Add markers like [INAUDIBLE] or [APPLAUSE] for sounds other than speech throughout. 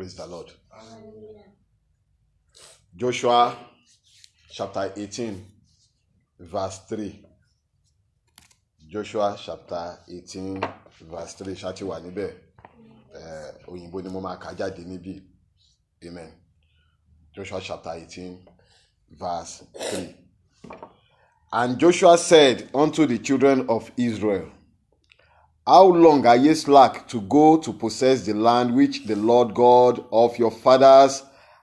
Praise the Lord. Joshua chapter 18, verse 3. Joshua chapter 18, verse 3. Ṣáti wà níbẹ̀. Eh, òyìnbó ni mo máa kà jáde níbí. Amen. Joshua chapter 18, verse 3. And Joshua said unto the children of Israel, How long are ye slack to go to possess the land which the Lord God of your fathers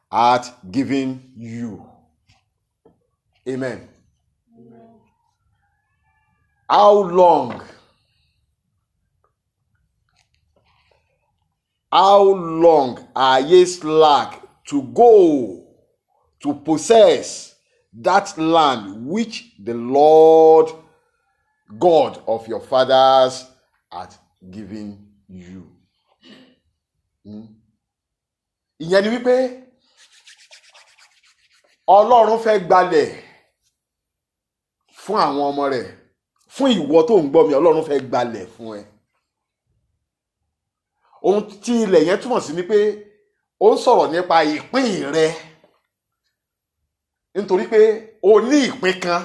hath given you? Amen. Amen. How long? How long are ye slack to go to possess that land which the Lord God of your fathers At giving you. Hmm? ìyẹn ni wípé ọlọ́run fẹ́ gbalẹ̀ fún àwọn ọmọ rẹ̀ fún ìwọ tó ń gbọ́ mi ọlọ́run fẹ́ gbalẹ̀ fún ẹ. ohun tí ilẹ̀ yẹn túmọ̀ sí ni pé ó ń sọ̀rọ̀ nípa ìpín rẹ nítorí pé o ní ìpín kan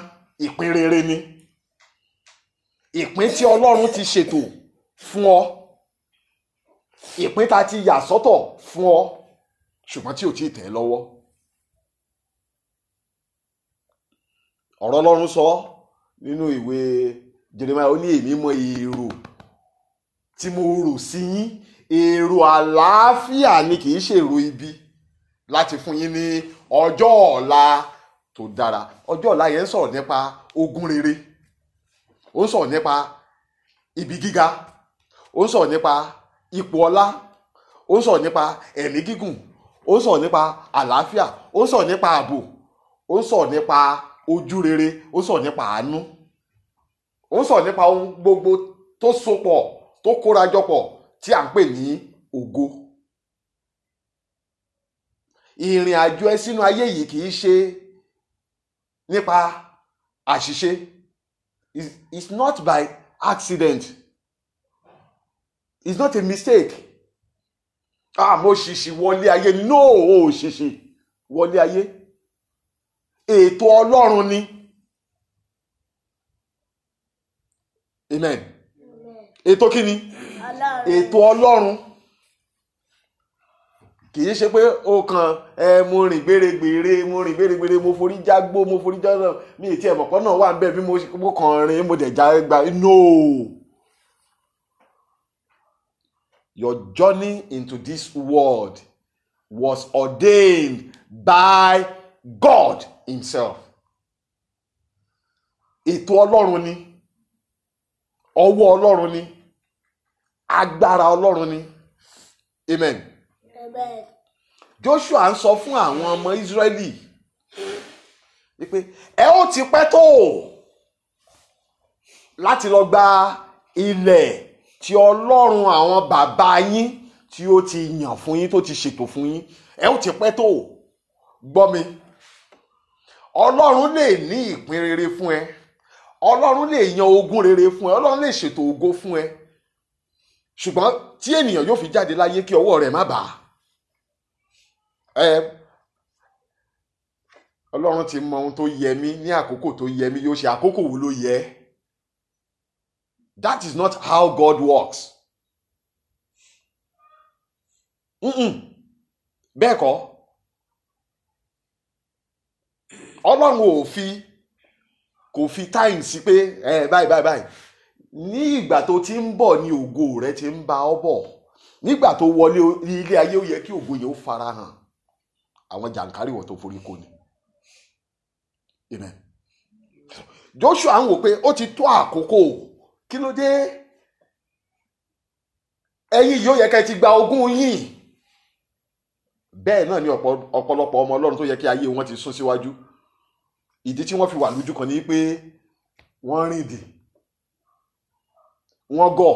ìpín rere ni ìpín tí ọlọ́run ti ṣètò fún ọ ìpín ta ti yà sọ́tọ̀ fún ọ ṣùgbọ́n tí ò tí ì tẹ̀ lọ́wọ́ ọ̀rọ̀ sọ nínú ìwé Jeremiah ó ní èmi mọ èrò tí mo rò sí yín èrò àlàáfíà ni kì í ṣèrò ibi láti fún yín ní ọjọ́ ọ̀la tó dára ọjọ́ ọ̀la yẹn ń sọ̀rọ̀ nípa ogún rere ó ń sọ̀rọ̀ nípa ibi gíga ó ń sọ̀rọ̀ nípa ipò ọlá ó ń sọ̀rọ̀ nípa ẹ̀mí gígùn ó ń sọ̀rọ̀ nípa àlàáfíà ó ń sọ̀rọ̀ nípa ààbò ó ń sọ̀rọ̀ nípa ojú rere ó ń sọ̀rọ̀ nípa àánú ó ń sọ̀rọ̀ nípa ohun gbogbo tó sopọ̀ tó kórajọpọ̀ tí à ń pè ní ògo ìrìn àjò ẹ sínú ayé yìí kì í ṣe nípa àṣìṣe it's not by accident it's not a mistake ah mo ṣìṣì wọlé ayé no o ṣìṣì wọlé ayé ètò ọlọ́run ni amen ètò kí ni ètò ọlọ́run kì í ṣe pé o kàn ẹ mo rìn gbèrègbèrè mo rìn gbèrègbèrè mo forí jágbó mo forí jágbó mi ì tiẹ̀ mọ̀pọ́ náà wà ń bẹ̀ bí mo kàn rìn mo dẹ̀ já gba no. Your journey into this world was ordained by God Himself. Ètò Ọlọ́run ni, ọwọ́ Ọlọ́run ni, agbára Ọlọ́run ni. Amen. Amen. Joshua ń sọ fún àwọn ọmọ Ísírẹ́lì wípé ẹ ó ti pẹ́ tó láti lọ gba ilẹ̀ tí ọlọ́run àwọn bàbá yín tí ó ti yàn fún yín tó ti ṣètò fún yín ẹ ó ti pẹ́ tó gbọ́ mi ọlọ́run lè ní ìpín rere fún ẹ ọlọ́run lè yan ogún rere fún ẹ ọlọ́run lè ṣètò ògo fún ẹ ṣùgbọ́n tí ènìyàn yóò fi jáde láyé kí ọwọ́ rẹ̀ má bàa ẹ ọlọ́run ti mọ ohun tó yẹ mí ní àkókò tó yẹ mí yóò ṣe àkókò wo ló yẹ ẹ́ That is not how God works. Mm-mm. Bẹ́ẹ̀ Ọlọ́run ò fi kò fi time sí pé ẹ eh, báyìí báyìí báyìí ní ìgbà tó ti ń bọ̀ ni ògo rẹ ti ń bá ọ bọ̀ nígbà tó wọlé ilé ayé ó yẹ kí ògo yẹn ó fara hàn àwọn jàǹkárìwò tó forí kò ní. Joshua ń wò pé ó ti tó àkókò. kí ló dé ẹ̀yin yóò yẹ ká ẹ ti gba ogún yín bẹ́ẹ̀ náà ni ọ̀pọ̀lọpọ̀ ọmọ ọlọ́run tó yẹ kí ayé wọn ti sún síwájú ìdí tí wọ́n fi wà lójú kan ni pé wọ́n rìndì wọ́n gọ̀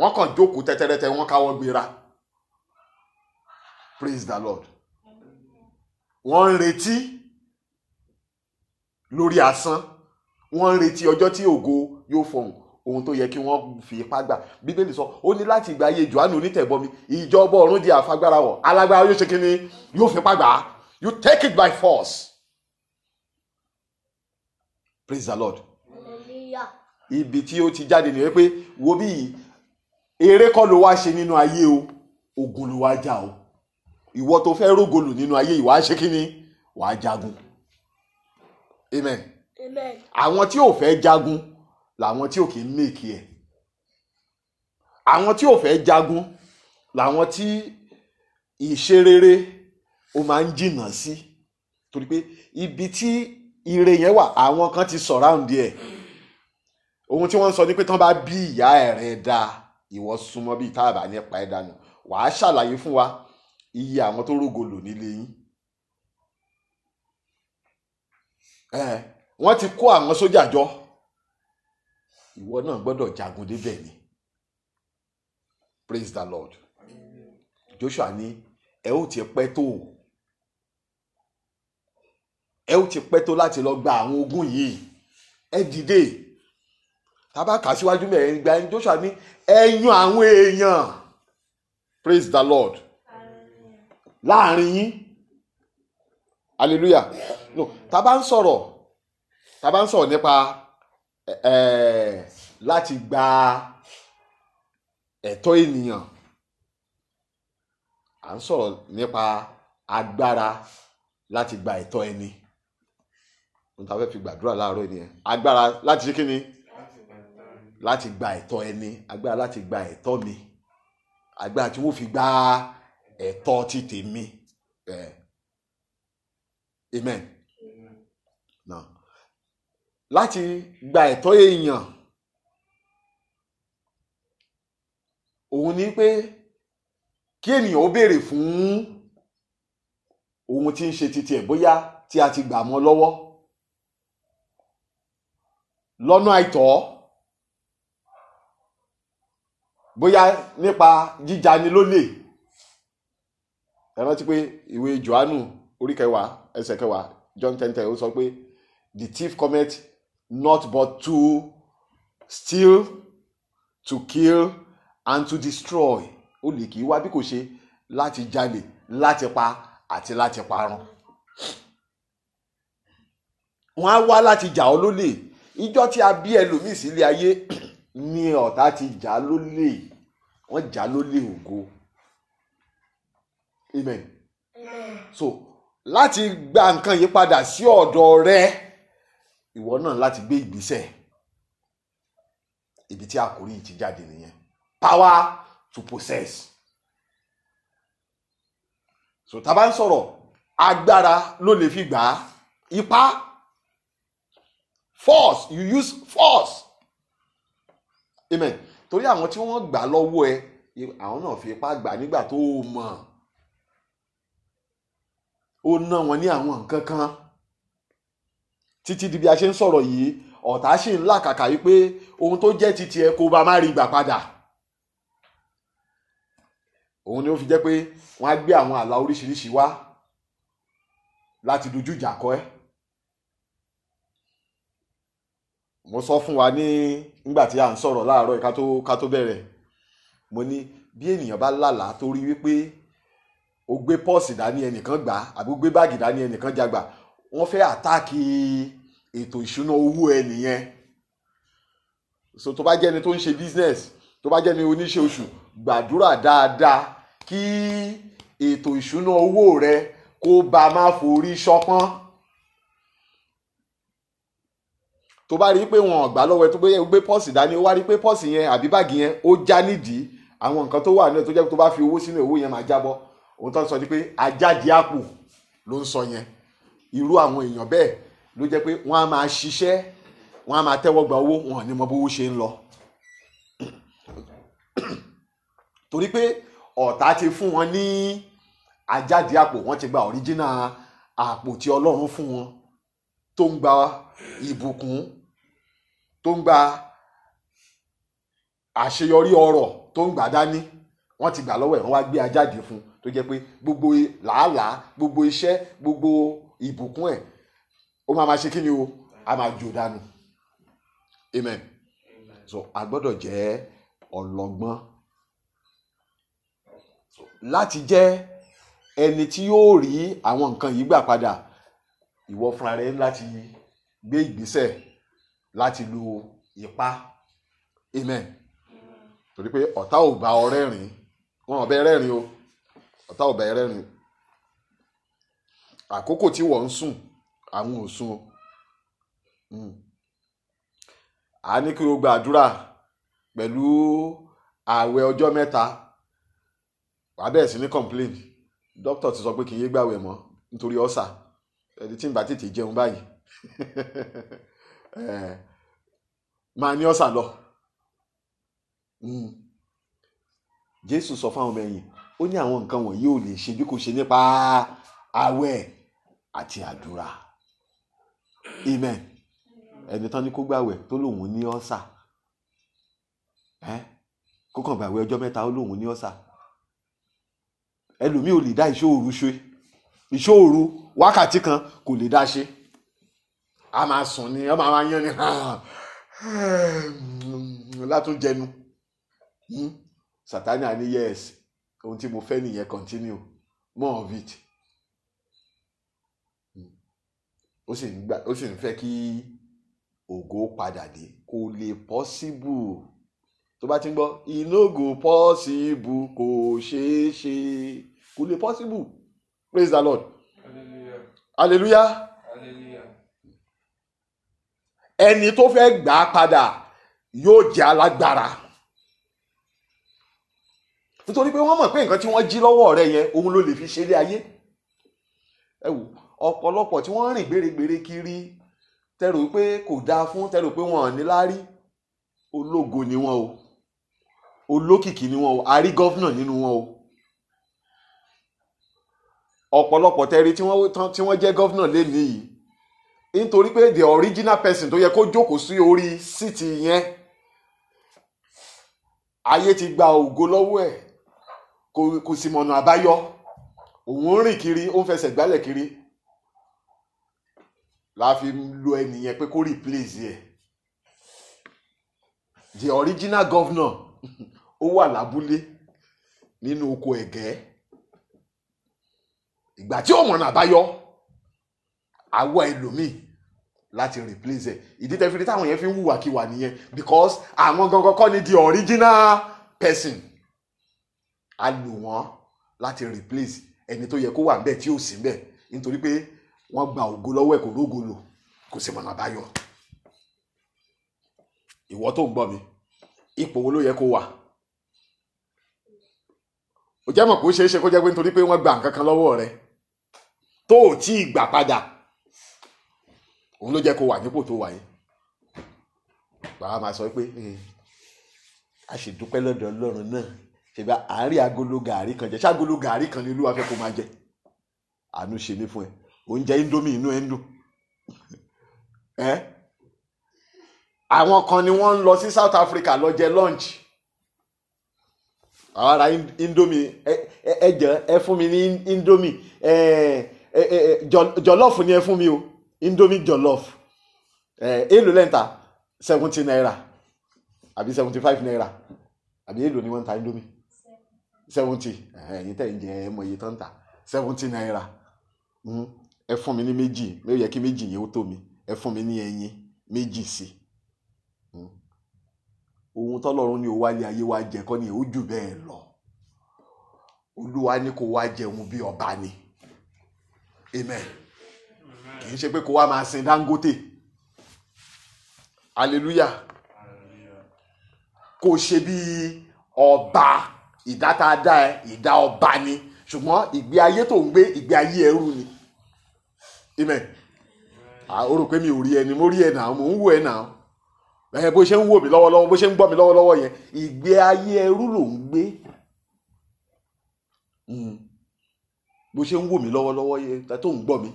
wọ́n kàn jókòó tẹ́tẹ́rẹ́tẹ́ wọ́n káwọ́ gbéra praise the lord wọ́n ń retí lórí asán wọ́n ń retí ọjọ́ tí ògo yóò fọhùn ohun tó yẹ kí wọ́n fi ipá gbà bíbélì sọ ó ní láti ìgbà ayé johannu onítẹ̀bọmi ìjọba ọ̀run di àfagbára wọ̀ alágbára yóò ṣe kí ni yóò fipá gbà á you take it by force praise the lord hallelujah ibi tí ó ti jáde nìyẹn pé wo bí eré kọ́ ló wá ṣe nínú ayé o ogun ló wá jà o ìwọ tó fẹ́ rógolù nínú ayé ìwà ṣe kí ni wàá jagun amen àwọn tí ò fẹ́ jagun làwọn tí ò kì í mèkì ẹ̀ àwọn tí ò fẹ́ jagun làwọn tí ìṣerere ó máa ń jìnnà sí torí pé ibi tí ire yẹn wà àwọn kan ti sọ̀ráǹdì ẹ̀ ohun tí wọ́n ń sọ ni pé tán bá bí ìyá ẹ̀ rẹ̀ da ìwọ súnmọ́ bíi tá a nípa ẹ̀ dànù wàá ṣàlàyé fún wa iye àwọn tó rògo lò nílé yín wọ́n ti kó àwọn sójà jọ ìwọ náà gbọ́dọ̀ jagun débẹ̀ ni praise the lord joshua ní ẹ ó ti pẹ́ tó ẹ ó ti pẹ́ tó láti lọ gba àwọn ogun yìí ẹ dìde tábà kà síwájú mẹ́rin gba ẹni joshua ní ẹ yan àwọn èèyàn praise the lord láàrin yín hallelujah no tábà ń sọ̀rọ̀ tá a bá ń sọ̀rọ̀ nípa láti gba ẹ̀tọ́ ènìyàn à ń sọ̀rọ̀ nípa agbára láti gba ẹ̀tọ́ ẹni ohun tá a fẹ́ fi gbàdúrà láàárọ̀ ènìyàn agbára láti ṣe kí ni láti gba ẹ̀tọ́ ẹni agbára láti gba ẹ̀tọ́ mi agbára tí wọ́n fi gba ẹ̀tọ́ ti tèmi amen. No láti gba ẹ̀tọ́ èèyàn òun ni pé kí ènìyàn ó béèrè fún ohun tí ń ṣe titi ẹ̀ bóyá tí a ti gbà mọ́ lọ́wọ́ lọ́nà àìtọ́ bóyá nípa jíjani lólè ẹ rántí pé ìwé Jòhánù orí kẹwàá ẹsẹ̀ kẹwàá John ten ten ó sọ pé the thief cometh not but to steal to kill and to destroy olè kì í wá bí kò ṣe láti jalè láti pa àti láti parun wọn á wá láti jà ọ́ lólè ìjọ tí a bí ẹlòmíì sílé ayé [CLEARS THROAT] ni ọ̀tá ti jà lólè wọ́n jà lólè ògo amen so láti gba nǹkan yìí padà sí ọ̀dọ̀ rẹ ìwọ náà láti gbé ìgbésẹ̀ ibi tí àkórí yìí ti jáde nìyẹn power to possess so tá a bá ń sọ̀rọ̀ agbára ló lè fi gbà á ipá force you use force amen torí àwọn tí wọ́n gbà lọ́wọ́ ẹ àwọn náà fi ipá gbà nígbà tó o mọ̀ ó ná wọn ní àwọn nǹkan kan. kan títí di bí a ṣe ń sọ̀rọ̀ yìí ọ̀tá sì ń làkàkà yìí pé ohun tó jẹ́ titi ẹ kó bá má rí gbà padà òun ni ó fi jẹ́ pé wọ́n á gbé àwọn àlá oríṣiríṣi wá láti dojú ìjà kọ ẹ́ mo sọ fún wa ní nígbà tí a ń sọ̀rọ̀ láàárọ̀ yìí ká tó ká tó bẹ̀rẹ̀ mo ní bí ènìyàn bá lálàá tó rí wípé o gbé pọ́ọ̀sì dání ẹnìkan gbà àbí o gbé báàgì dání ẹnìkan jagbà wọ́n fẹ́ àtáàkì ètò ìṣúná owó ẹ nìyẹn so tó bá jẹ́ ẹni tó ń ṣe business tó bá jẹ́ ẹni oníṣẹ́ oṣù gbàdúrà dáadáa kí ètò ìṣúná owó rẹ kó bá má forí ṣọpọ́n tó bá rí pé wọn gbà lọ́wọ́ ẹ tó gbé pọ́ọ̀sì dání ó wá rí pé pọ́ọ̀sì yẹn àbí báàgì yẹn ó já nídìí àwọn nǹkan tó wà náà tó jẹ́ tó bá fi owó sínú owó yẹn máa jábọ́ òun tó ń sọ ni pé ajáde àpò ló ń sọ yẹn irú àwọn èèyàn bẹ́ẹ̀ ló jẹ́ pé wọ́n á máa ṣiṣẹ́ wọ́n á máa tẹ́wọ́ gba owó wọn ní mọ bówó ṣe ń lọ [CLEARS THROAT] torí pé ọ̀tá ti fún wọn ní ajáde àpò wọ́n ti gba ọ̀ríjínà àpò tí Ọlọ́run fún wọn tó ń gba ìbùkún tó ń gba àṣeyọrí ọrọ̀ tó ń gbà dání wọ́n ti gbà lọ́wọ́ ẹ̀ wọ́n wá gbé ajáde fún un tó jẹ́ pé gbogbo làálàá gbogbo iṣẹ́ gbogbo ìbùkún ẹ̀ ó máa máa ṣe kí ni o a máa jò dànù amen so a gbọ́dọ̀ jẹ́ ọlọ́gbọ́n láti jẹ́ ẹni tí yóò rí àwọn nǹkan yìí gbà padà ìwọ fúnra rẹ láti gbé ìgbésẹ̀ láti lo ipá amen torí pé ọ̀tá ò bá ọ rẹ́rìn wọn ò rẹ́rìn o ọ̀tá ò bá ẹ rẹ́rìn àkókò tí wọ́n ń sùn àwọn òsun hmm. a ní kí o gbàdúrà pẹ̀lú ààwẹ̀ ọjọ́ mẹ́ta wàá sí ní complain doctor ti sọ pé kì í yé gbàwẹ̀ mọ́ nítorí ọ̀sà ẹni tí ń bá tètè jẹun báyìí [LAUGHS] máa ní ọ̀sà lọ hmm. jésù sọ fáwọn ọmọ ẹ̀yìn ó ní àwọn nǹkan wọ̀nyí ò lè ṣe bí kò ṣe nípa ààwẹ̀ àti àdúrà amen ẹni tán ni kó gbàwẹ̀ tó lòun ní ọ́sà kó kàn gbàwẹ̀ ọjọ́ mẹ́ta ó lòun ní ọ́sà ẹlòmíì ò lè dá ìṣòro ṣe ìṣòro wákàtí kan kò lè dá ṣe a máa sùn ni a máa yan ni látúnjẹnu hmm? Sátánì àní yes ohun tí mo fẹ́ nìyẹn continue more of it. ó sì ń gbà ó sì ń fẹ́ kí ògo padà dé kò lè pọ́síbù tó bá ti ń gbọ́ ìnógò pọ́síbù kò ṣeé ṣe kò lè pọ́síbù praise the lord hallelujah ẹni tó fẹ́ gbà á padà yóò jẹ́ alágbára nítorí pé wọ́n mọ̀ pé nǹkan tí wọ́n jí lọ́wọ́ rẹ̀ yẹn òun ló lè fi ṣeré ayé ẹ wò ọ̀pọ̀lọpọ̀ tí wọ́n rìn gbèrègbèrè kiri tẹrò pé kò dáa fún tẹrò pé wọn ò ní láárí ológo ni wọn o olókìkí ni wọn o a rí gọ́fìnà nínú wọn o ọ̀pọ̀lọpọ̀ tẹ́rí tí wọ́n jẹ́ gọ́fìnà lẹ́nu yìí nítorí pé the original person tó yẹ kó jókòó sí orí síìtì yẹn ayé ti gba ògo lọ́wọ́ ẹ̀ kò sì mọ̀nà àbáyọ òun rìn kiri ó ń fẹsẹ̀ gbálẹ̀ kiri la fi lo ẹnìyẹn pé kó replace ẹ the original governor [LAUGHS] ó wà lábúlé nínú oko ẹ̀gẹ́ ìgbà tí òmùrán àbáyọ àwọ ẹlòmíì láti replace ẹ ìdí tẹ́ fi rí táwọn yẹn fi ń hùwàkiwà nìyẹn because àwọn gangan kọ́ ni the original person a lò wọ́n láti replace ẹni tó yẹ kó wà ń bẹ̀ tí ò sí ń bẹ̀ nítorí pé wọ́n gba ògo lọ́wọ́ ẹ̀ kò rógo lò kò sì mọ̀nà àbáyọ. ìwọ tó ń gbọ́ mi ipò wo ló yẹ kó wà. ó jẹ́ mọ̀ kó ṣeé ṣe kó jẹ́ pé nítorí pé wọ́n gba nǹkan kan lọ́wọ́ rẹ tó ò tí ì gbà padà òun ló jẹ́ kó wà nípò tó wà yìí. bàbá máa sọ pé a ṣì dúpẹ́ lọ́dọ̀ ọlọ́run náà ṣèbá àárín agolo gàárì kan jẹ ṣáà agolo gàárì kan ni olúwa fẹ́ kó máa jẹ àánú ṣe mí fún ẹ oúnjẹ indomie inú ẹ ń dùn [LAUGHS] ẹ àwọn kan ni wọ́n ń lọ sí South Africa lọ jẹ lunch àwọn ará indomie ẹ jẹ ẹ fún mi ní indomie ẹ ẹ ẹ jọlọfù ni ẹ fún mi o indomie jọlọfù ẹ èlò lẹ́ǹta seventy naira àbí seventy five naira àbí èlò ni wọ́n ń ta indomie seventy ẹ̀yin tẹ̀ ń jẹ ẹ mọ̀ iye tó ń ta seventy naira. hmm ẹ fún mi ní méjì ó yẹ kí méjì yẹn ó tó mi ẹ fún mi ní ẹyin méjì sí i hmm. ohun tọ́lọ́run ní o wá lé ayé wa jẹ kọ́ ni ó jù bẹ́ẹ̀ lọ olúwa ní kó wá jẹun bí ọba ni amen kì í ṣe pé kó wá máa sin Dangote hallelujah kó ṣe bí ọba ìdá tá a dá ẹ ìdá ọba ni ṣùgbọ́n ìgbé ayé tó ń gbé ìgbé ayé ẹrú ni. ime o rò pé mi ò rí ẹni mo ri ẹ mo ń wò ẹ náà ẹ bó ṣe ń wò mi lọwọlọwọ bó ṣe ń gbọ mi lọwọlọwọ yẹn ìgbé ayé ẹrú ló ń gbé hmm. bó ṣe ń wò mí lọ́wọ́lọ́wọ́ yẹn tó ń gbọ mi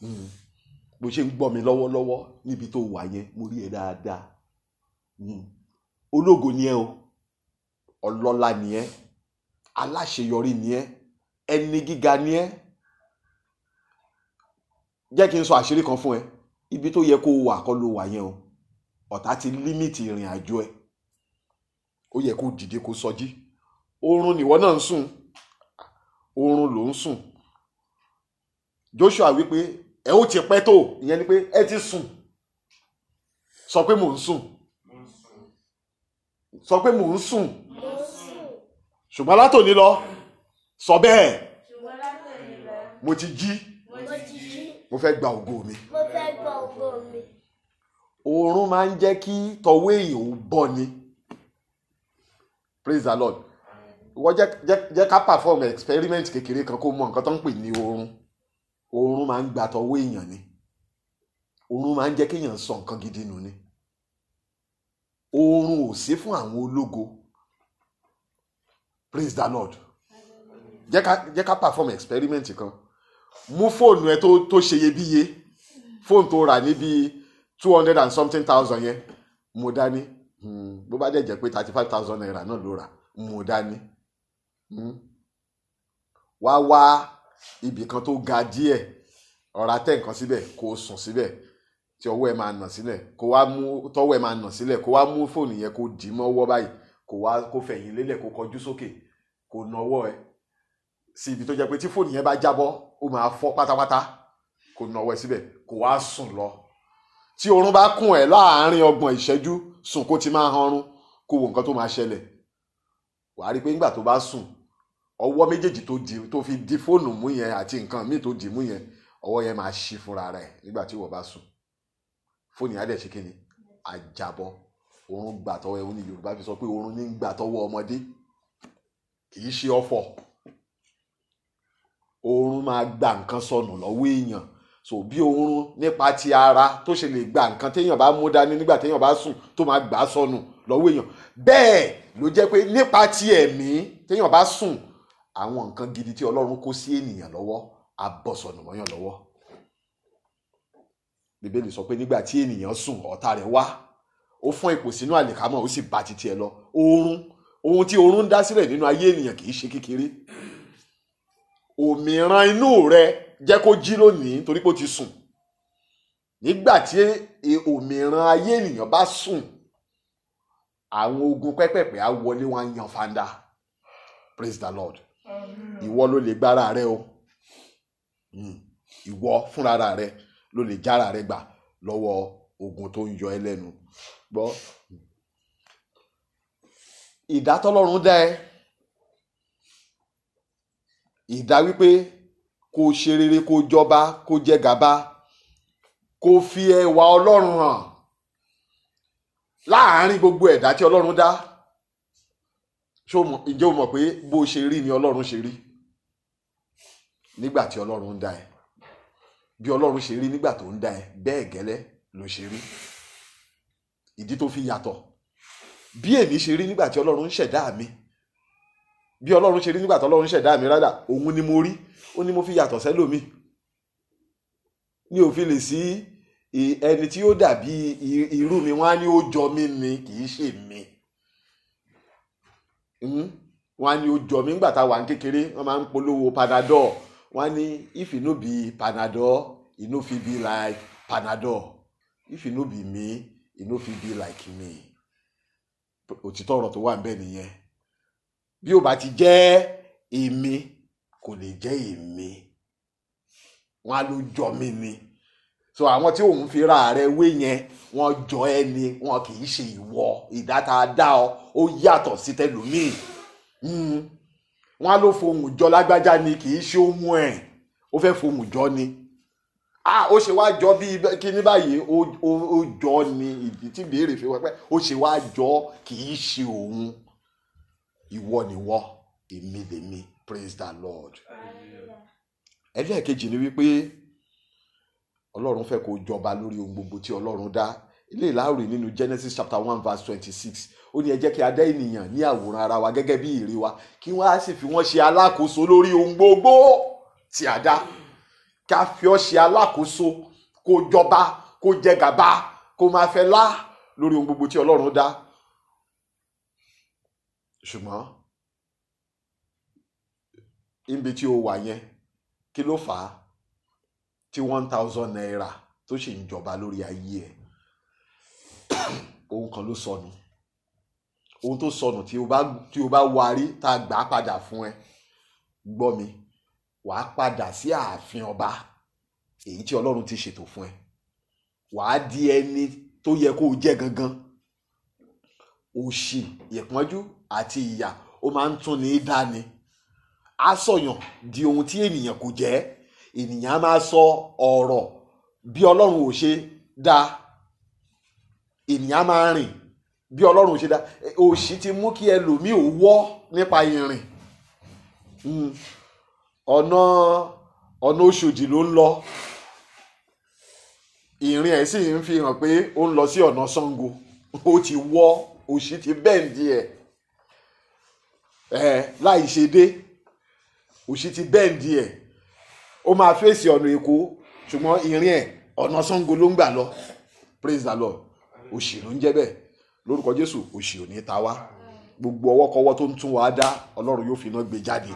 hmm. bó ṣe ń gbọ mi lọwọlọwọ níbi tó wà yẹn mo ri ẹ dáadáa hmm. ológo ni ẹ o ọlọ́lá ni ẹ aláṣeyọrí ni ẹ ẹni gíga ni ẹ jẹ́ kí n sọ àṣírí kan fún ẹ ibi tó yẹ kó o wà kọ́ ló wà yẹn o ọ̀tá ti límìtì ìrìn àjò ẹ ó yẹ kó dìde kó sọjí oorun nìwọ náà ń sùn oorun ló ń sùn Joshua wípé ẹ ó ti pẹ́ tó ìyẹn ni pé ẹ ti sùn sọ pé mò ń sùn sọ pé mò ń sùn ṣùgbọ́n látòní lọ sọ bẹ́ẹ̀ mo ti jí mo fẹ́ gba ògo mi. mo fẹ́ gba ògo mi. oorun máa ń jẹ́ kí tọwọ́ èèyàn ó bọ̀ ni praise the lord wọ́n jẹ́ ká perform experiment kékeré kan kó mọ nǹkan tó ń pè ní oorun oorun máa ń gba tọwọ́ èèyàn ni oorun máa ń jẹ́ kéèyàn sọ nǹkan gidi nù ni oorun ò sí fún àwọn ológo praise the lord jẹ́ ká jẹ́ ká perform experiment kan mú fóònù ẹ tó tó ṣe iyebíye fóònù tó rà níbi two hundred and something thousand yẹn mo dání hmm, bó bá dẹ̀ jẹ́ pé thirty five thousand naira náà ló rà mo dání hmm. wá wá ibì kan tó ga díẹ̀ ọ̀rá tẹ̀ nǹkan síbẹ̀ kó o sùn síbẹ̀ tí ọwọ́ ẹ máa nà sílẹ̀ kó wá mú tọwọ́ ẹ máa nà sílẹ̀ kó wá mú fóònù yẹn kó dì í mọ́ ọwọ́ báyìí kó wá kó fẹ̀yìn lélẹ̀ kó kọjú sókè kó nà ọwọ́ ẹ sí ibi tó jẹ́ pé tí fóònù yẹn bá jábọ́ ó máa fọ́ pátápátá kò nàwọ́ ẹ síbẹ̀ kò wá sùn lọ tí oorun bá kùn ẹ láàárín ọgbọ̀n ìṣẹ́jú sùn kó ti máa hanrun kó wo nǹkan tó máa ṣẹlẹ̀ wàá rí i pé nígbà tó bá sùn ọwọ́ méjèèjì tó di tó fi di fóònù mú yẹn àti nǹkan míì tó dì mú yẹn ọwọ́ yẹn máa ṣí fúnra rẹ̀ nígbà tí wọ́n bá sùn fóònù yẹn á kí ni àjàbọ̀ oorun gbàtọ́wọ́ ẹ̀ ó ní Yorùbá fi sọ pé oorun ní gbàtọ́wọ́ ọmọdé kì í ṣe ọ̀fọ̀ oorun máa gba nǹkan sọnù lọ́wọ́ èèyàn so bí oorun nípa ti ara tó ṣe lè gba nǹkan téèyàn bá mú dání nígbà téèyàn bá sùn tó máa gbà á sọnù lọ́wọ́ èèyàn bẹ́ẹ̀ ló jẹ́ pé nípa ti ẹ̀mí téèyàn bá sùn àwọn nǹkan gidi tí ọlọ́run kó sí ènìyàn lọ́wọ́ á bọ́ sọnù mọ́yàn lọ́wọ́ bíbélì sọ pé nígbà tí ènìyàn sùn ọ̀tá rẹ̀ wá ó fún ipò sínú àlìkámọ̀ ó sì bá titi ẹ̀ lọ oorun ohun tí oorun ń dá sílẹ̀ nínú ayé ènìyàn kì í ṣe kékeré òmìrán inú rẹ jẹ́ kó jí lónìí torí pé ó ti sùn nígbà tí e, òmìrán ayé ènìyàn bá sùn àwọn ogun pẹ́pẹ̀pẹ́ á wọlé wọn yan fanda praise the lord ìwọ ló lè gbára rẹ o hmm. ìwọ fúnra rẹ ló lè jára rẹ gbà lọ́wọ́ ogun tó ń yọ ẹ́ lẹ́nu gbọ́ hmm. ìdátọ́lọ́run dá ẹ ìdá wípé kó ṣe rere kó jọba kó jẹ gàba kó fi ẹwà ọlọ́run hàn láàárín gbogbo ẹ̀dá tí ọlọ́run dá ǹjẹ́ o mọ̀ pé bó ṣe rí ni ọlọ́run ṣe rí nígbà tí ọlọ́run ń dá ẹ bí ọlọ́run ṣe rí nígbà tó ń dá ẹ bẹ́ẹ̀ gẹ́lẹ́ ló ṣe rí ìdí tó fi yàtọ̀ bí èmi ṣe rí nígbà tí ọlọ́run ń ṣẹ̀dá mi bí ọlọ́run ṣe rí nígbà tọ́lọ́run ṣẹ̀dá mi rádà òun ni mo rí ó ní mo fi yàtọ̀ sẹ́lòmíì ní òfin lè sí ẹni tí ó dàbí irú mi wọ́n á ní ó jọ mí ni kì í ṣe mi hmm? wọ́n á ní ó jọ mí nígbà tá a wà ní kékeré wọ́n máa ń polówó panadol wọ́n á ní if you no be panadol you no fit be like panadol if you no be me you no fit be like me òtítọ́ ọ̀rọ̀ tó wà ń bẹ nìyẹn bí ó bá ti jẹ́ èmi kò lè jẹ́ èmi wọn á ló jọ mí ni so àwọn tí òun fi ra rẹ wé yẹn wọn jọ ẹ ni wọn kì í ṣe ìwọ ìdáta dá ọ ó yàtọ̀ sí tẹlómìn hmm. wọn á ló fohùn jọ lágbájá ni kì í ṣe ohun ẹ ó fẹ́ fohùn jọ ni ah ó ṣe wá jọ bí kíní báyìí ó jọ ni ìdí tí béèrè fi wá ó ṣe wá jọ kì í ṣe òun ìwọ nìwọ èmi lèmi praise the lord ẹlẹ́ẹ̀kejì ni wípé ọlọ́run fẹ́ kó jọba lórí ohun gbogbo tí ọlọ́run dá ilé ìlàrú nínú genesis chapter one verse twenty-six ó ní ẹ jẹ́ kí a dá ènìyàn ní àwòrán ara wa gẹ́gẹ́ bí ère wa kí wọ́n á sì fi wọ́n ṣe alákòóso lórí ohun gbogbo tí a dá kí a fi ọ́ ṣe alákòóso kó jọba kó jẹ gàba kó máa fẹ́ lá lórí ohun gbogbo tí ọlọ́run dá ṣùgbọ́n níbi tí o wà yẹn kí ló fà á tí one thousand naira tó ṣì ń jọba lórí ayé ẹ ohun kan ló sọnù ohun tó sọnù tí o bá tí o bá warí tá a gbà á padà fún ẹ gbọ́ mi wàá padà sí ààfin ọba èyí tí ọlọ́run ti ṣètò fún ẹ wàá di ẹni tó yẹ kó o jẹ́ gangan òṣì ìpọ́njú àti ìyà ó máa ń tún ní í dání á sọyàn di ohun tí ènìyàn kò jẹ́ ènìyàn máa sọ ọ̀rọ̀ bí ọlọ́run ò ṣe dá ènìyàn máa rìn bí ọlọ́run ò ṣe dá òṣì ti mú kí ẹlòmíì ò wọ́ nípa ìrìn hmm. ọ̀nà ọ̀nà oṣòdì ló ń lọ ìrìn ẹ̀ sì ń fi hàn pé ó ń lọ sí ọ̀nà Ṣàngó ó ti wọ́ òṣì ti bẹ́ẹ̀ díẹ̀ láì ṣe dé òṣì ti bẹ́ǹdì ẹ̀ ó máa fèsì ọ̀nà èkó ṣùgbọ́n ìrìn ẹ̀ ọ̀nà Ṣàngó ló ń gbà lọ praise the lord òṣì ló ń jẹ́ bẹ́ẹ̀ lórúkọ Jésù òṣì ò ní ta wá gbogbo ọwọ́kọwọ́ tó ń tún wá dá Ọlọ́run yóò fi iná gbé jáde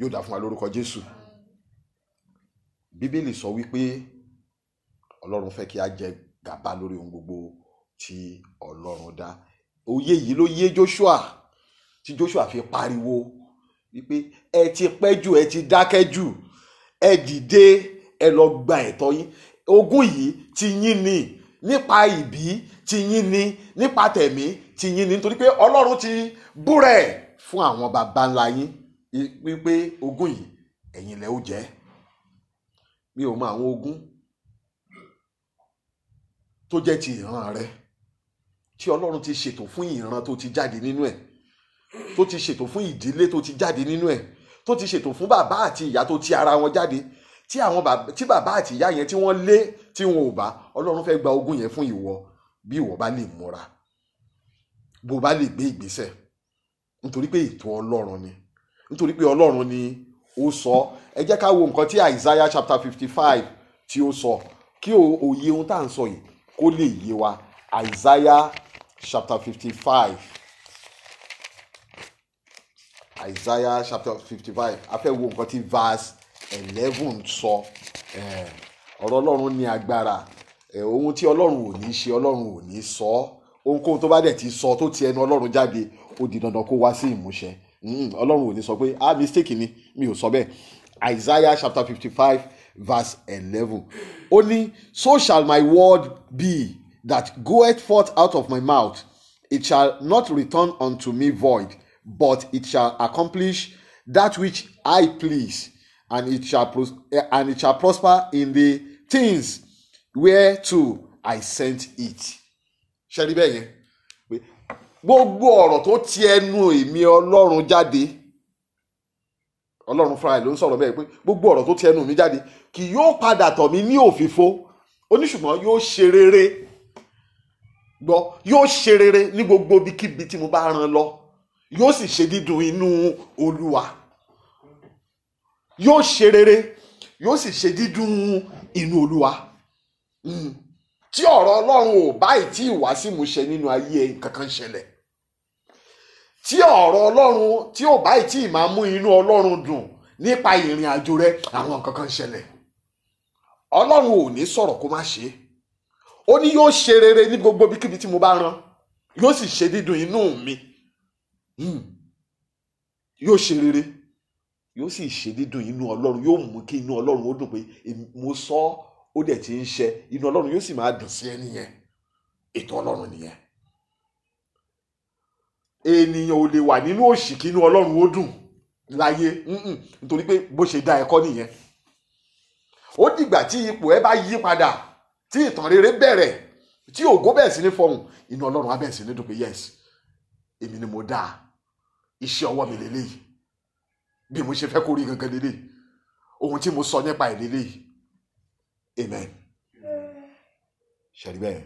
yóò dà fún wa lórúkọ Jésù Bíbélì sọ wípé Ọlọ́run fẹ́ kí a jẹ gàba lórí ohun gbogbo tí Ọlọ́run dá òye yìí ló yé Joshua tí Joshua fi pariwo wípé ẹ ti pẹ́ jù ẹ ti dákẹ́ jù ẹ dìde ẹ lọ gba ẹ̀tọ́ yín ogún yìí ti yín ni nípa ìbí ti yín ni nípa tẹ̀mí ti yín ni nítorí pé Ọlọ́run ti búrẹ̀ fún àwọn baba ńlá yín wípé ogún yìí ẹ̀yin lẹ ó jẹ́ mi ò mọ àwọn ogún tó jẹ́ ti ìran rẹ tí Ọlọ́run ti ṣètò fún ìran tó ti jáde nínú ẹ̀. E tó ti ṣètò fún ìdílé tó ti jáde nínú ẹ̀ tó ti ṣètò fún bàbá àti ìyá tó ti ara wọn jáde tí àwọn tí bàbá àti ìyá yẹn tí wọ́n lé tí wọn ò bá Ọlọ́run fẹ́ gba ogún yẹn fún ìwọ bí ìwọ bá lè múra bó bá lè gbé ìgbésẹ̀ nítorí pé ètò Ọlọ́run ni nítorí pé Ọlọ́run ni ó sọ ẹ jẹ́ ká wo nǹkan tí Isaiah chapter fifty five tí ó sọ kí òye ohun tá à ń sọ yìí kó lè yé wa Isaiah chapter fifty five. Isaiah chapter fifty five a fẹ́ wo nǹkan tí verse eleven sọ eh, ọ̀rọ̀ ọlọ́run ní agbára eh, ohun tí ọlọ́run ò ní ṣe ọlọ́run ò ní sọ ohunkóhun tó bá dẹ̀ ti sọ tó ti ẹnu ọlọ́run jáde ó di dandan kó wá sí ìmúṣẹ hmm, ọlọ́run ò ní sọ pé ah mistake ni mi ò sọ bẹ́ẹ̀ Isaiah chapter fifty five verse eleven ó ní so shall my word be that goeth forth out of my mouth it shall not return unto me void but it shall accomplish that which I please, and it shall pros- eh, and it shall prosper in the things where to I sent it. Ṣé bẹ́ẹ̀ yẹn? Gbogbo ọ̀rọ̀ tó ti ẹnu èmi Ọlọ́run jáde, Ọlọ́run fúnra ẹ̀ ló ń sọ̀rọ̀ bẹ́ẹ̀ pé gbogbo ọ̀rọ̀ tó ti ẹnu mi jáde kì yóò padà tọ̀ mí ní òfìfo, oníṣùgbọ́n yóò ṣe rere gbọ́ yóò ṣe rere ní gbogbo ibikíbi tí mo bá rán lọ yóò sì ṣe dídùn inú olúwa yóò ṣe rere yóò sì ṣe dídùn inú olúwa hmm. tí ọ̀rọ̀ ọlọ́run ò báyìí tí ìwà sí mu ṣe nínú ayé nǹkan kan ṣẹlẹ̀ tí ọ̀rọ̀ ọlọ́run tí ò báyìí tí ìmáa mú inú ọlọ́run dùn nípa ìrìn àjò rẹ àwọn nǹkan kan ṣẹlẹ̀ ọlọ́run ò ní sọ̀rọ̀ kó má ṣe ó ní yóò ṣe rere ní gbogbo ibikíbi tí mo bá rán yóò sì ṣe dídùn inú mi Hmm. yóò ṣe rere yóò sì ṣe dídùn inú ọlọ́run yóò mú kí inú ọlọ́run ó dùn pé mo sọ ó dẹ̀ ti ń ṣe inú ọlọ́run yóò sì máa dùn sí ẹni yẹn ètò ọlọ́run nìyẹn ènìyàn ò lè wà nínú òṣì kí inú ọlọ́run ó dùn láyé hmm, nítorí pé bó ṣe dá ẹ̀kọ́ nìyẹn ó dìgbà tí ipò ẹ bá yí padà tí ìtàn rere bẹ̀rẹ̀ tí ògo bẹ̀ sí ní fọhùn inú ọlọ́run á bẹ̀ sí ní dùn pé yes èmi ni mo dáa iṣẹ́ ọwọ́ mi lélẹ́yìí bí mo ṣe fẹ́ kó gangan lélẹ́yìí ohun tí mo sọ nípa ẹ̀ lélẹ́yìí amen ṣẹ̀rí bẹ́ẹ̀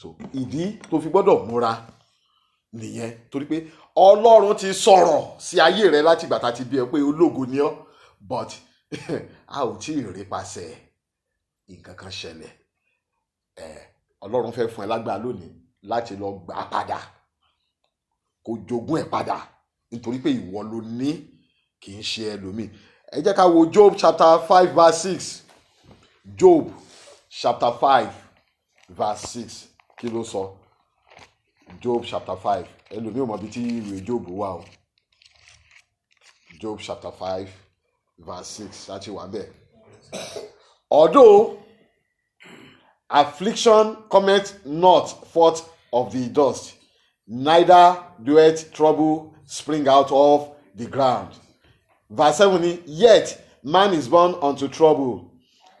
so ìdí tó fi gbọ́dọ̀ múra nìyẹn torí pé ọlọ́run ti sọ̀rọ̀ sí ayé rẹ láti ìgbà tá a ti bí ẹ pé ológo ni ọ́ but [LAUGHS] a ò tí ì rí pasẹ̀ nǹkan kan ṣẹlẹ̀ ẹ ọlọ́run fẹ́ fún ẹ lágbára lónìí láti lọ gbà á padà kó jogún ẹ padà nítorí pé ìwọ ló ní kì í ṣe ẹlòmíì ẹ jẹ́ ká wo job chapter five verse six job chapter five verse six kí ló sọ job chapter five ẹlòmíì ò mọ ibi tí ìwé job wà o job chapter five verse six láti wà bẹ́ẹ̀ although affliction cometh not forth of the dust neither doeth trouble spring out of the ground. Verse 70 Yet man is born unto trouble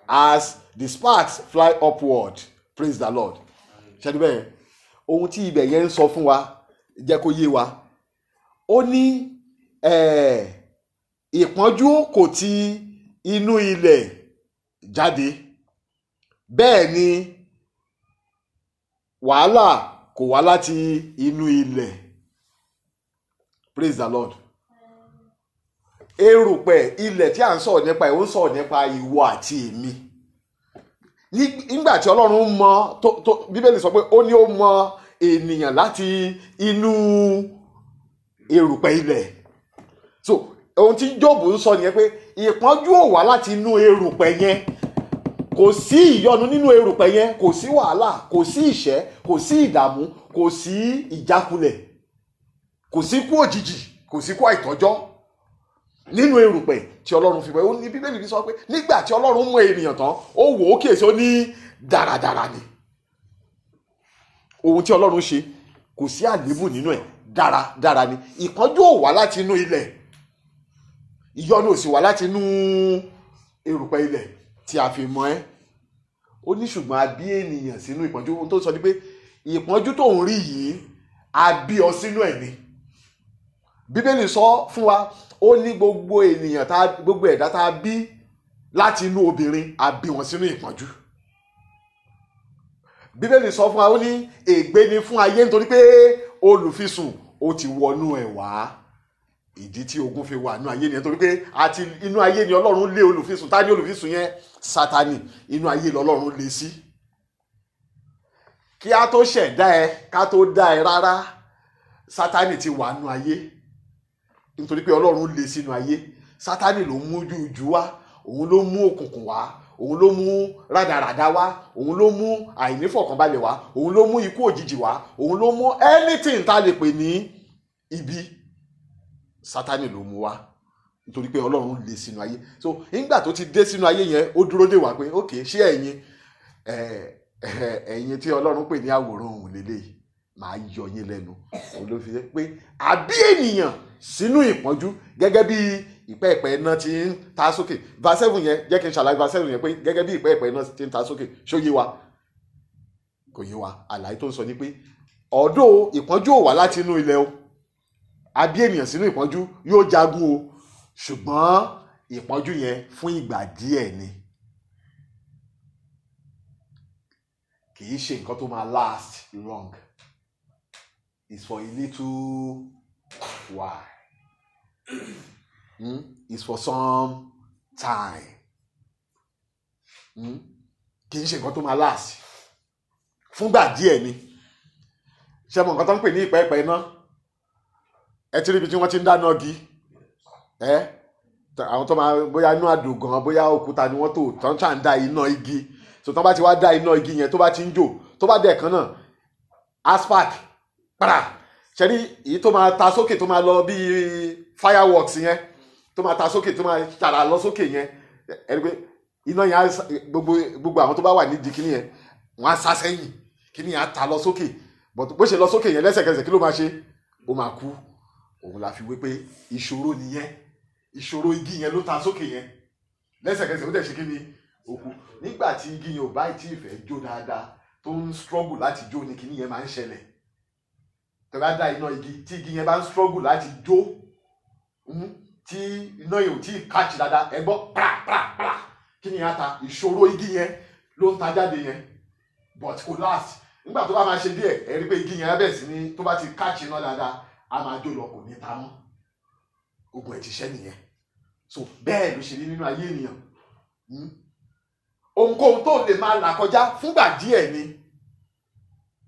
as the sparks fly upward. Praise the Lord. Ṣẹ́ni bẹ́ẹ̀ ohun tí ibẹ̀ yẹn ń sọ fún wa jẹ́ kó yé wa. Ó ní ìpọ́njú kò ti inú ilẹ̀ jáde. Bẹ́ẹ̀ ni wàhálà kò wá láti inú ilẹ̀. praise the lord erùpẹ̀ ilẹ̀ tí a ń sọ̀rọ̀ nípa ẹ̀ ó ń sọ̀rọ̀ nípa ìwọ àti èmi nígbà tí ọlọ́run mọ tó bíbélì sọ pé ó ní ó mọ ènìyàn láti inú erùpẹ̀ ilẹ̀ so ohun tí Jóòbù ń sọ nìyẹn pé ìpọ́njú ò wá láti inú erùpẹ̀ yẹn kò sí ìyọnu nínú erùpẹ̀ yẹn kò sí wàhálà kò sí ìṣẹ́ kò sí ìdààmú kò sí ìjákulẹ̀ kò sí kú òjijì kò sí kú àìtọ́jọ́ nínú erùpẹ̀ tí ọlọ́run fi wẹ̀ ní bíbélì ní sọ pé nígbà tí ọlọ́run mú ènìyàn tán ó wò ó kíyèsí ó ní dáradára ni ohun tí ọlọ́run ṣe kò sí àléébù nínú ẹ̀ dáradára ni ìkánjú ò wá láti inú ilẹ̀ ìyọnu ò sì wá láti inú erùpẹ̀ ilẹ̀ tí a fi mọ ẹ́ ó ní ṣùgbọ́n a bí ènìyàn sínú ìpọ́njú ohun tó sọ ni pé ìpọ́njú tó ń rí yìí a bí ọ sínú ẹ̀ ni bíbélì sọ fún wa ó ní gbogbo ènìyàn tá gbogbo ẹ̀dá tá a bí láti inú obìnrin a bí wọn sínú ìpọ́njú bíbélì sọ fún wa ó ní ègbé ni fún ayé nítorí pé olùfisùn ó ti wọnú ẹ̀ wá ìdí tí ogun fi wà nínú ayé nìyẹn torí pé àti inú ayé ni ọlọ́run lé olùfisùn tá ní olùfisùn yẹn sátani inú ayé lọ́lọ́run lé sí kí a tó ṣẹ̀dá ẹ ká tó dá ẹ rárá sátani ti wà nínú ayé nítorí pé ọlọ́run lè sínú ayé sátánì ló mú jújú wá òun ló mú òkùnkùn wá òun ló mú rádaràda wá òun ló mú àìnífọ̀kànbalẹ̀ wá òun ló mú ikú òjijì wá òun ló mú anything tá a lè pè ní ibi sátánì ló mú wá nítorí pé ọlọ́run lè sínú ayé so nígbà tó ti dé sínú ayé yẹn ó dúró dè wá pé ok ṣé ẹ̀yin ẹ̀yin tí ọlọ́run pè ní àwòrán òun lélẹ́yìí màá yọ yín lẹ́nu òun ló fi jẹ́ pé àbí ènìyàn sínú ìpọ́njú gẹ́gẹ́ bí ìpẹ́ẹ̀pẹ́ iná ti ń ta sókè verse seven yẹn jẹ́ kí n ṣàlàyé verse yẹn pé gẹ́gẹ́ bí ìpẹ́ẹ̀pẹ́ iná ti ń ta sókè ṣó yé wa kò yé wa àlàyé tó ń sọ ni pé ọ̀dọ́ ìpọ́njú ò wá láti inú ilẹ̀ o àbí ènìyàn sínú ìpọ́njú yóò jagun o ṣùgbọ́n ìpọ́njú yẹn fún ìgbà díẹ̀ ni kì í ṣe nǹkan tó máa last long it's for a little why. mm? It's for some time. Hmm? Kì í ṣe nǹkan tó máa láàsì. Fúngbà díẹ̀ ni. Ṣé mo nǹkan tó ń pè ní ìpẹ́ẹ́pẹ́ iná? Ẹ ti rí ibi tí wọ́n ti ń dáná gi. Ẹ àwọn tó máa bóyá inú àdògàn bóyá òkúta ni wọ́n tò tán ṣà ń da iná igi. Sọ̀tàn bá ti wá da iná igi yẹn tó bá ti ń jò tó bá dẹ̀ kan náà aspark para ṣẹ́rí èyí tó máa ta sókè tó máa lọ bíi fireworks yẹn tó máa ta sókè tó máa ṣàrà lọ sókè yẹn ẹni pé iná yẹn gbogbo gbogbo àwọn tó bá wà nídìí kíní yẹn wọ́n á sá sẹ́yìn kíní yẹn á ta lọ sókè bọ́tù bó ṣe lọ sókè yẹn lẹ́sẹ̀kẹsẹ̀ kí ló máa ṣe ó máa kú òun la fi wé pé ìṣòro nìyẹn ìṣòro igi yẹn ló ta sókè yẹn lẹ́sẹ̀kẹsẹ̀ ó dẹ̀ ṣe kí ni ó nígbà tí igi yẹn ò báyìí tí ìfẹ́ jó dáadáa tó ń struggle láti jó ni kíní yẹn máa ń ṣẹlẹ̀ tẹ bá dá iná igi tí igi yẹn bá ń struggle láti jó hmm, tí iná yẹn ò tí ì catch dáadáa ẹ gbọ́ pràpràprà kí ni yẹn ta ìṣòro igi yẹn ló ń ta jáde yẹn but kò last nígbà tó bá máa ṣe díẹ̀ ẹ rí pé igi yẹn abẹ́ sí ni tó bá ti catch iná dáadáa a máa jó lọ kò ní ta mọ́ ogun ẹ̀ ti ṣẹ́ nìyẹn so bẹ́ẹ̀ ló ṣe rí nínú ayé ènìyàn hmm. ohunkóhun tó lè máa là kọjá fúngbà díẹ̀ ni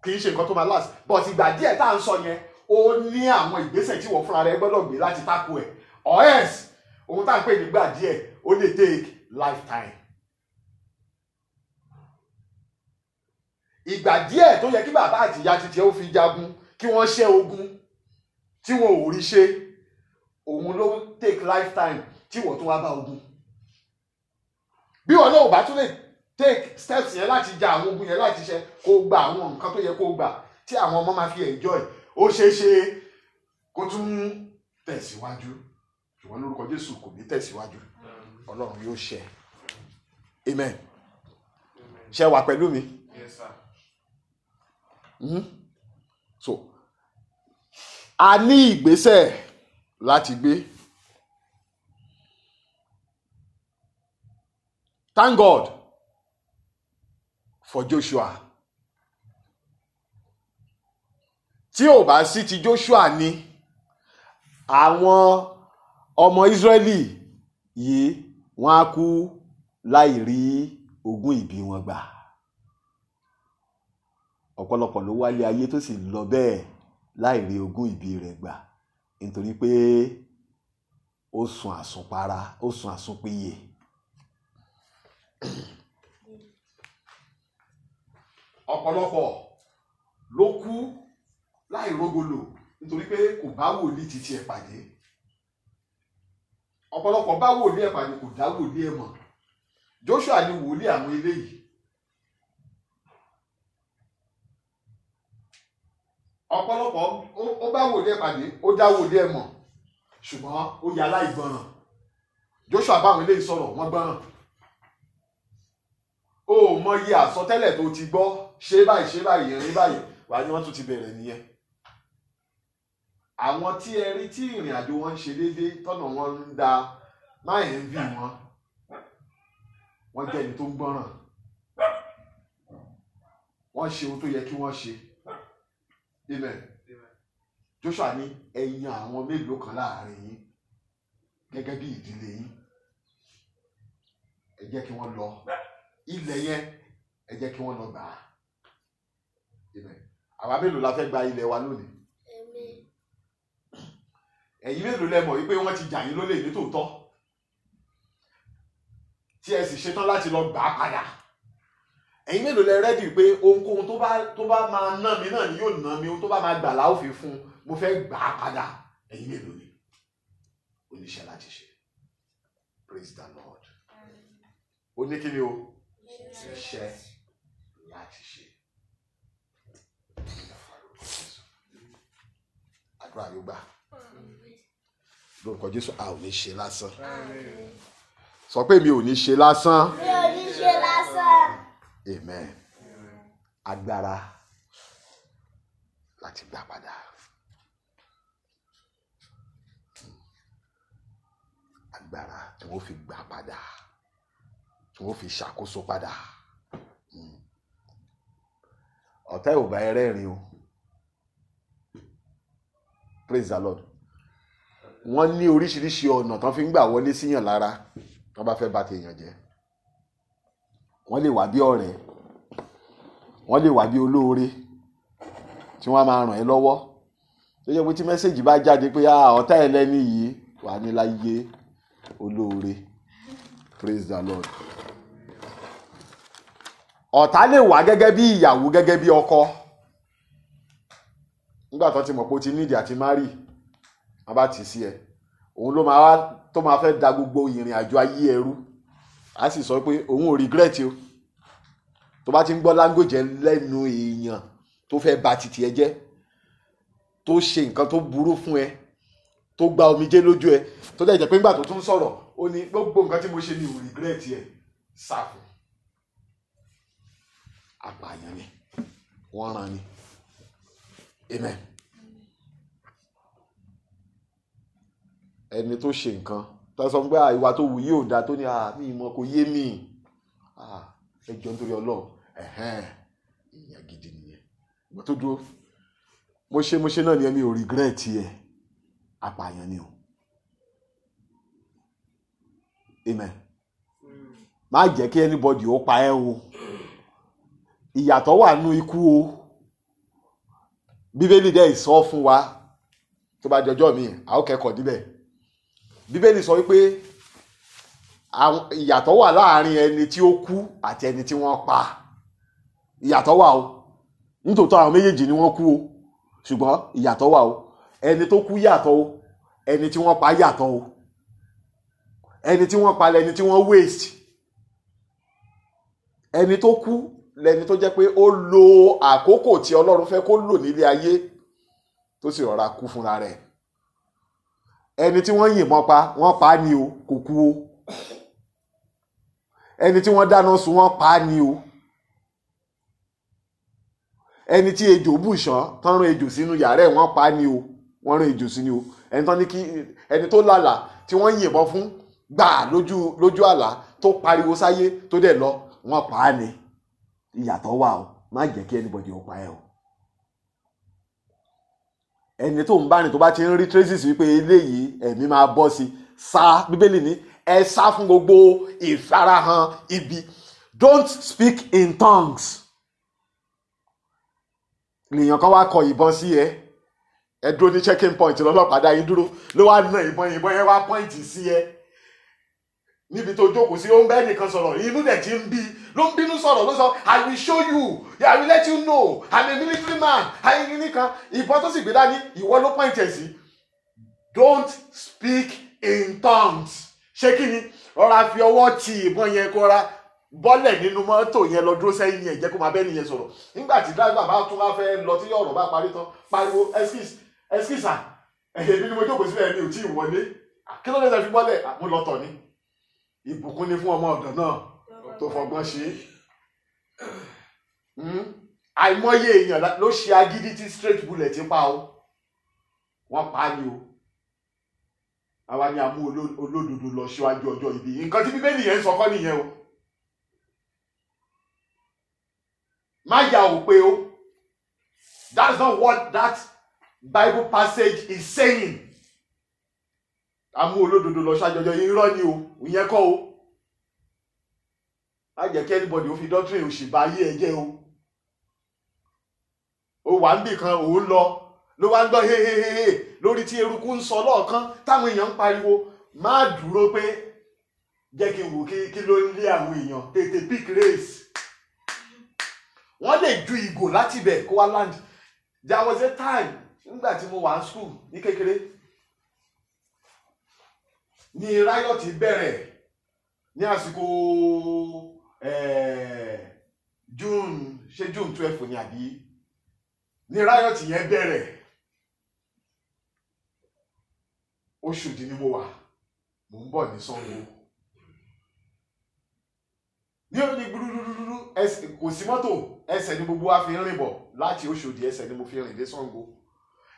kì í ṣe nǹkan tó máa last but ìgbà díẹ̀ tá à ń sọ yẹn ó ní àwọn ìgbésẹ̀ tí wọ́n fúnra rẹ̀ gbọ́dọ̀ gbé láti tako ẹ̀ or else ohun tá à ń pè nígbà díẹ̀ ó lè take lifetime. ìgbà díẹ̀ tó yẹ kí bàbá àti ìyá titi ó fi jagun kí wọ́n ṣẹ́ ogun tí wọn ò rí ṣe òun ló take lifetime tí wọ́n tún wá bá ogun bí wọn náà ò bá tún lè take steps yẹn láti ja àwọn ogun yẹn láti ṣe kó gba àwọn nǹkan tó yẹ kó gbà tí àwọn ọmọ máa fi enjoy ó ṣeé ṣe kó tún tẹ̀síwájú ṣùgbọ́n lórúkọ Jésù kò ní tẹ̀síwájú Ọlọ́run yóò ṣe amen ṣe wà pẹ̀lú mi yes sir mm? so a ní ìgbésẹ̀ láti gbé. Thank God for Joshua tí ò bá sí ti Joshua ni àwọn ọmọ Israẹli yìí wọ́n á kú láì rí ogún ìbí wọn gbà ọ̀pọ̀lọpọ̀ ló wálé ayé tó sì lọ bẹ́ẹ̀ láì rí ogún ìbí rẹ̀ gbà nítorí pé ó sùn àsùnpara ó sùn àsùnpiyè ọ̀pọ̀lọpọ̀ ló kú láì rógolo nítorí pé kò bá wòlíì títí ẹ̀ pàdé ọ̀pọ̀lọpọ̀ bá wòlíì ẹ̀ pàdé kò dá wòlíì ẹ̀ mọ̀ Joshua ni wòlíì àwọn eléyìí ọ̀pọ̀lọpọ̀ ó bá wòlíì ẹ̀ pàdé ó dá wòlíì ẹ̀ mọ̀ ṣùgbọ́n ó yà láì gbọràn Joshua báwọn eléyìí sọ̀rọ̀ wọ́n gbọràn mọyì àsọtẹ́lẹ̀ tó ti gbọ́ ṣé báyìí ṣé báyìí rí báyìí wàá ní wọ́n tún ti bẹ̀rẹ̀ nìyẹn àwọn tí ẹ rí tí ìrìn àjò wọn ṣe déédéé tọ́nà wọn ń da máa ń bì wọn wọ́n jẹ́ ẹni tó ń gbọ́ràn wọ́n ṣe ohun tó yẹ kí wọ́n ṣe amen Joshua ní ẹ yan àwọn mélòó kan láàrin yín gẹ́gẹ́ bí ìdílé yín ẹ jẹ́ kí wọ́n lọ ilẹ̀ yẹn ẹ jẹ́ kí wọ́n lọ gbà á àwa mélòó la fẹ́ gba ilẹ̀ wa lónìí ẹ̀yin mélòó lẹ mọ̀ wípé wọ́n ti jà yín lólè ní tòótọ́ tí ẹ sì ṣetán láti lọ gbà á padà ẹ̀yin mélòó lẹ rẹ́dì pé ohunkóhun tó bá tó bá máa ná mi náà ni yóò ná mi ohun tó bá máa gbà láò fi fún un mo fẹ́ gbà á padà ẹ̀yin mélòó ni oníṣẹ́ láti ṣe praise the lord ó ní kí ni o ṣiṣẹ́ láti ṣe. Àdúrà yóò gbà. Lórúkọ Jésù, a ò ní ṣe lásán. Sọ pé mi ò ní ṣe lásán. Mi ò Amen. Agbára láti gbà padà. Agbára tí wọ́n fi gbà padà tó fi ṣàkóso padà hmm. ọ̀tá ò bá ẹrẹ́rìn o praise the lord wọ́n ní oríṣiríṣi ọ̀nà tán fi ń gbà wọlé síyàn lára tán bá fẹ́ bà tèèyàn jẹ́ wọ́n lè wá bí ọ̀rẹ́ wọ́n lè wá bí olóore tí wọ́n á máa ràn ẹ́ lọ́wọ́ tó jẹ́ pé tí mẹ́sẹ̀gì bá jáde pé ọ̀tá ẹ̀ lẹ́ni yìí wà ní láyé olóore praise the lord ọ̀tá lè wá gẹ́gẹ́ bí ìyàwó gẹ́gẹ́ bí ọkọ nígbà tó ti mọ̀ pé ó ti nídìí àti mari wọn bá tì í sí ẹ òun ló máa tó máa fẹ́ da gbogbo ìrìn àjò ayé ẹrú á sì sọ pé òun ò regret o tó bá ti ń gbọ́ láńgòjẹ́ lẹ́nu èèyàn tó fẹ́ ba titi ẹ jẹ́ tó ṣe nǹkan tó burú fún ẹ tó gba omijé lójú ẹ tó dẹ̀ jẹ́ pé nígbà tó tún sọ̀rọ̀ ó ní gbogbo nǹkan tí mo ṣe ni ò regret ẹ ṣàfù apààyàn ni wọ́n ràn ni amen ẹni tó ṣe nǹkan tó sọ pé tó wù yí ò dáa tó ní àmì ìmọ̀ kò yé mi ẹ jọ nítorí Ọlọ́run èèyàn gidi nìyẹn ìgbà tó dúró mo ṣe mo ṣe náà nìyẹn mi ò regret yẹ apààyàn ni o amen má jẹ́ kí anybody ó pa ẹ́ o ìyàtọ̀ wà nú ikú o bíbélì dẹ́ ìsọ fún wa tó bá jọjọ́ mi a ó kẹ́kọ̀ọ́ níbẹ̀ bíbélì sọ wípé ìyàtọ̀ wà láàrin ẹni tí ó kú àti ẹni tí wọ́n pa ìyàtọ̀ wà o nítòótọ́ àwọn méjèèjì ni wọ́n kú o ṣùgbọ́n ìyàtọ̀ wà o ẹni tó kú yàtọ̀ o ẹni tí wọ́n pa yàtọ̀ o ẹni tí wọ́n pa lẹni tí wọ́n waste ẹni tó kú lẹni tó jẹ́ pé ó lo àkókò tí ọlọ́run fẹ́ kó lò nílé ayé tó sì rọra kú fúnra rẹ̀ ẹni tí wọ́n yìnbọn pa wọ́n pa á ni o kò kú o ẹni tí wọ́n dáná sun wọ́n pa á ni o ẹni tí ejò bùṣán tán rán ejò sínú yàrá ẹ̀ wọ́n pa á ni o wọ́n rán ejò sínú o ẹni tán ní kí ẹni tó lálàá tí wọ́n yìnbọn fún gbà lójú lójú àlá tó pariwo sáyé tó dẹ̀ lọ wọ́n pa á ni ìyàtọ̀ wà o má jẹ́ kí anybody ó pa ẹ́ o ẹni tó ń bá ní tó bá ti ń rí traces wípé eléyìí ẹ̀mí máa bọ́ sí sá bíbélì ní ẹ sá fún gbogbo ìfarahàn ibi don't speak in tongues lèèyàn kan wá kọ ìbọn sí ẹ ẹ dúró ní checking point lọ́lọ́pàá dá yín dúró ló wá na ìbọn ìbọn yẹn wá pọ́ìntì sí ẹ níbi tó jókòó sí ó ń bẹ́ẹ̀ nìkan sọ̀rọ̀ inú dẹ̀ ti ń bí ló ń bínú sọ̀rọ̀ ló sọ i will show you i will let you know i'm a military man ayé nìkan ìbọn tó sì gbé dání ìwọ ló pọ́ǹtì ẹ̀ sí don't speak in tongues ṣé kí ni rọra fi ọwọ́ ti ìbọn yẹn kó ra bọ́lẹ̀ nínú mọ́tò yẹn lọ dúró sẹ́yìn yẹn jẹ́ kó máa bẹ́ẹ̀ nìyẹn sọ̀rọ̀ nígbà tí dáìbà bá tún wá fẹ́ lọ tí ọ̀rọ̀ bá parí tán pariwo excuse excuse à ẹ̀yẹ́ mi ni mo jókòó sílẹ̀ mi ò tí ì wọlé kí ló dé tẹ́ fi bọ́lẹ̀ àmúlọ́tọ̀ ah, ni ìbùkún ni fún ọmọ ọ̀dọ̀ náà tó fọgbọ́n ṣe hmm? àìmọye èèyàn ló ṣe agídí tí straight bullet pa o wọ́n pa á ni o àwa ni a olódodo lọ síwájú ọjọ́ ìbí nǹkan tí bíbélì yẹn ń sọ nìyẹn o má yà ó pé o that's not what that Bible passage is saying amú olódodo lọ ṣàjọjọ irọ́ ni o ìyẹn kọ́ o má jẹ́ kí anybody ó fi doctrine òṣìbá yé ẹ jẹ́ o o wà ń bì kan òun lọ ló wá ń gbọ́ hehehehe lórí tí eruku ń sọ lọ́ọ̀kan táwọn èèyàn ń pariwo má dúró pé jẹ́ kí n wò kí kí ló ń lé àwọn èèyàn tètè pick race wọ́n lè ju ìgò láti bẹ̀ kó wá land there was a time nígbà tí mo wà ní school ní kékeré ni riot bẹ̀rẹ̀ ní àsìkò june ṣe june twelve ni àbí ni riot yẹn bẹ̀rẹ̀ oṣù dín ní mo wà mò ń bọ̀ ní sango ní òní gbúdúdúdúdú kò sí ni gbogbo wa fi rìn bọ̀ láti ese ni mo fi rìn dé sango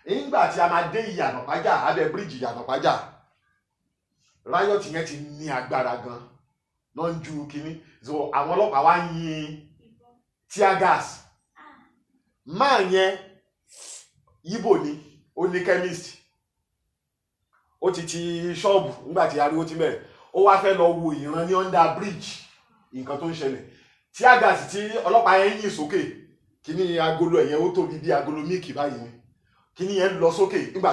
nígbà tí a máa dé ìyànà pàjá ìyànà pàjá riot yẹn ti ní agbára gan lọ ń ju kínní so àwọn ọlọ́pàá wá yin tear gas máa yẹn ibo ni ó ní chemist ó ti ti ṣọ́ọ̀bù nígbà tí ariwo ti bẹ̀rẹ̀ ó wá fẹ́ lọ wo ìran ní under bridge nǹkan tó ń ṣẹlẹ̀ tear gas tí ọlọ́pàá yẹn yìn sókè kíní agolo ẹ̀yẹn ó tóbi bí agolo míìkì báyìí ni kíní yẹn lọ sókè nígbà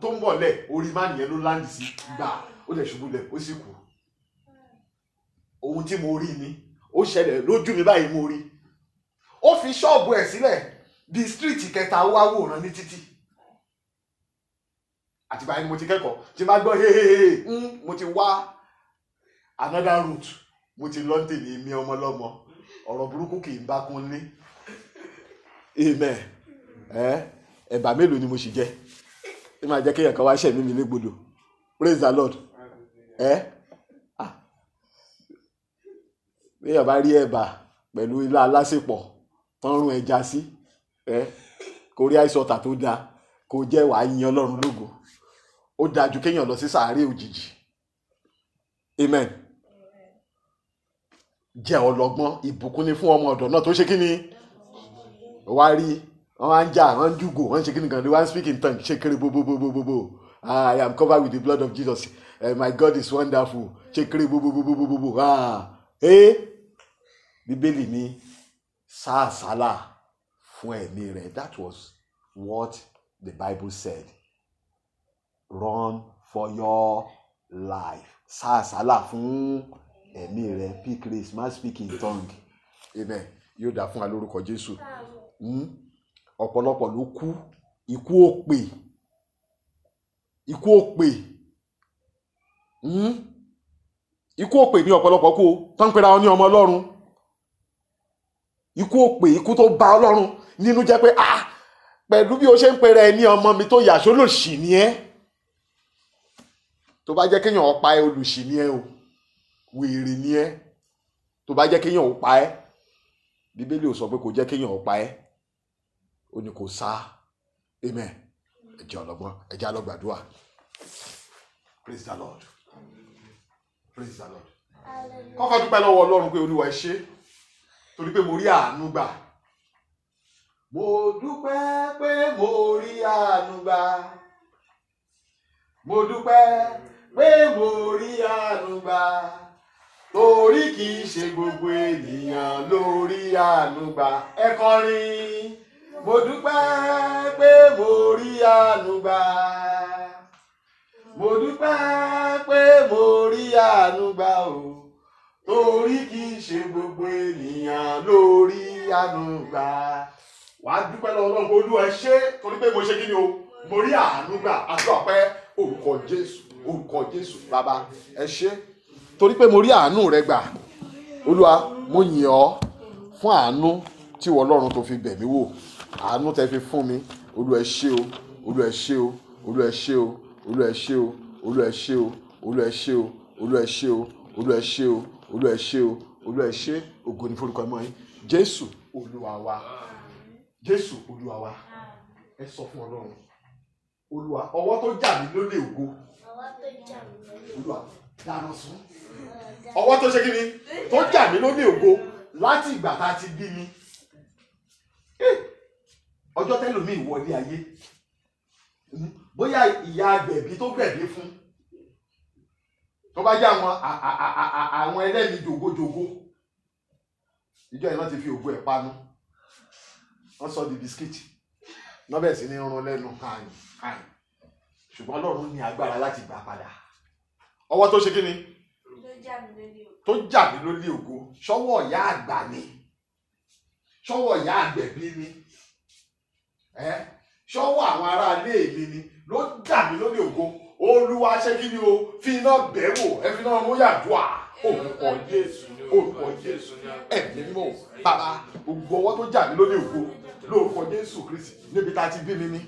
tó ń bọ̀ lẹ̀ orí má nìyẹn ló láǹdì sí gbà ó dẹ̀ ṣubú lẹ̀ ó sì kú ohun tí mo rí ni ó ṣẹlẹ̀ lójú mi báyìí mo rí ó fi ṣọ́ọ̀bù ẹ̀ sílẹ̀ di street kẹta ó wá wòran ní títì àtìgbà yẹn ni mo ti kẹ́kọ̀ọ́ tí máa gbọ́ hehehe hmm, mo ti wá another route mo ti lọ tèmi mi ọmọ lọ́mọ ọ̀rọ̀ burúkú kì í bá kún ní amen ẹ ẹ̀bà mélòó ni mo sì jẹ́ ẹ máa jẹ́ kéèyàn kan wá ṣẹ̀mí mi nígbodò praise the lord ẹ́ béèyàn bá rí ẹ̀bà pẹ̀lú ilá alásèpọ̀ tọ́rùn ẹja sí ẹ́ kò rí àìsọ̀tà tó dáa kò jẹ́ wàá yin ọlọ́run lógo ó dáa ju kéèyàn lọ sí sàárè òjijì amen jẹ́ ọlọ́gbọ́n ìbùkún ni fún ọmọ ọ̀dọ̀ náà tó ṣe kí ni wá rí wọ́n á ń jà wọ́n ń jùgò wọ́n ń ṣe kí ni gan ni wọ́n ń speak in tongue ṣe kéré bóbóbóbóbó I am covered with the blood of Jesus eh, my God is wonderful ṣékéré bóbóbóbóbó ah eh bíbélì ní sáàsálà fún ẹ̀mí rẹ̀ that was what the Bible said run for your life sáàsálà fún ẹ̀mí rẹ̀ pick race man speak in tongue amen yóò dá fún wa lórúkọ Jésù hmm? ọ̀pọ̀lọpọ̀ ló kú ikú òpè ikú òpè Hmm? ikú òpè ní ọ̀pọ̀lọpọ̀ kú tó ń pera ọ ní ọmọ ọlọ́run ikú òpè ikú tó bá ọlọ́run nínú jẹ́ pé ah pẹ̀lú bí o ṣe ń pera ẹ ní ọmọ mi tó yàṣó lòṣì ni ẹ́ tó bá jẹ́ kéèyàn ọ̀pá ẹ olùṣì ni ẹ o wèrè ni ẹ tó bá jẹ́ kéèyàn ọ̀pá ẹ bíbélì ò sọ pé kò jẹ́ kéèyàn ọ̀pá ẹ ó ní kò sá amen ẹ jẹ́ ọlọ́gbọ́n ẹ jẹ́ alọ́gbàdúrà praise the lord praise the lord kọ́kọ́ dúpẹ́ lọ́wọ́ ọlọ́run pé olúwa ẹ torí pé mo rí àánú gbà mo dúpẹ́ pé mo rí àánú gbà mo dúpẹ́ pé mo rí àánú gbà torí kì í ṣe gbogbo ènìyàn ló rí àánú gbà ẹ kọrin mo dúpẹ́ pé mo rí àánú gbà mo dúpẹ́ pé mo rí àánú gbà o torí kì í ṣe gbogbo ènìyàn ló rí àánú gbà. wà á dúpẹ́ lọ́wọ́ Ọlọ́run olúwa ṣé torí pé mo ṣe kí ni o mo rí àánú gbà àti ọ̀pẹ́ orúkọ Jésù orúkọ Jésù bàbá ẹ ṣé torí pé mo rí àánú rẹ gbà olúwa mo yìn ọ́ fún àánú tí ìwọ Ọlọ́run tó fi bẹ̀ mí wò àánú tẹ fi fún mi olúwa ẹ ṣé o olúwa ẹ ṣé o olúwa ẹ ṣé o olú ẹ ṣé o olú ẹ ṣé o olú ẹ ṣé o olú ẹ ṣé o olú ẹ ṣé o olú ẹ ṣé o olú ẹ ṣé ògo ní forúkọ ẹmọ yín jésù olúwa wa jésù olúwa wa ẹ sọ fún ọlọ́run olúwa ọwọ́ tó jà mí lólè ògo olúwa dáná sun ọwọ́ tó ṣe kí ni tó jà mí lólè ògo láti ìgbà tá a ti bí mi ọjọ́ tẹ́lómi ìwọlé ayé bóyá ìyá agbẹ̀bí tó gbẹ̀bí fún tó bá jẹ́ àwọn àwọn ẹlẹ́ni jògójògó ìjọ yìí wọ́n ti fi ògbó ẹ̀ panu wọ́n sọ di bisikíìtì wọ́n bẹ̀rẹ̀ sí ní rún lẹ́nu kàn kàn ṣùgbọ́n Ọlọ́run ní agbára láti gbà padà ọwọ́ tó ṣe kí ni tó jà mí lólè ògo ṣọwọ́ ìyá àgbà ni ṣọwọ́ ìyá àgbẹ̀bí ni ẹ́. Eh? ṣọ́wọ́ àwọn aráalé èmi ni ló dà mí lórí ògo olúwa ṣé kí ni o fi iná bẹ̀wò ẹ fi iná mú yàdùà orúkọ jésù orúkọ jésù ẹ̀mí mímọ́ bàbá gbogbo ọwọ́ tó jà mí lórí ògo lórúkọ jésù kristi níbi tá a ti bí mi ni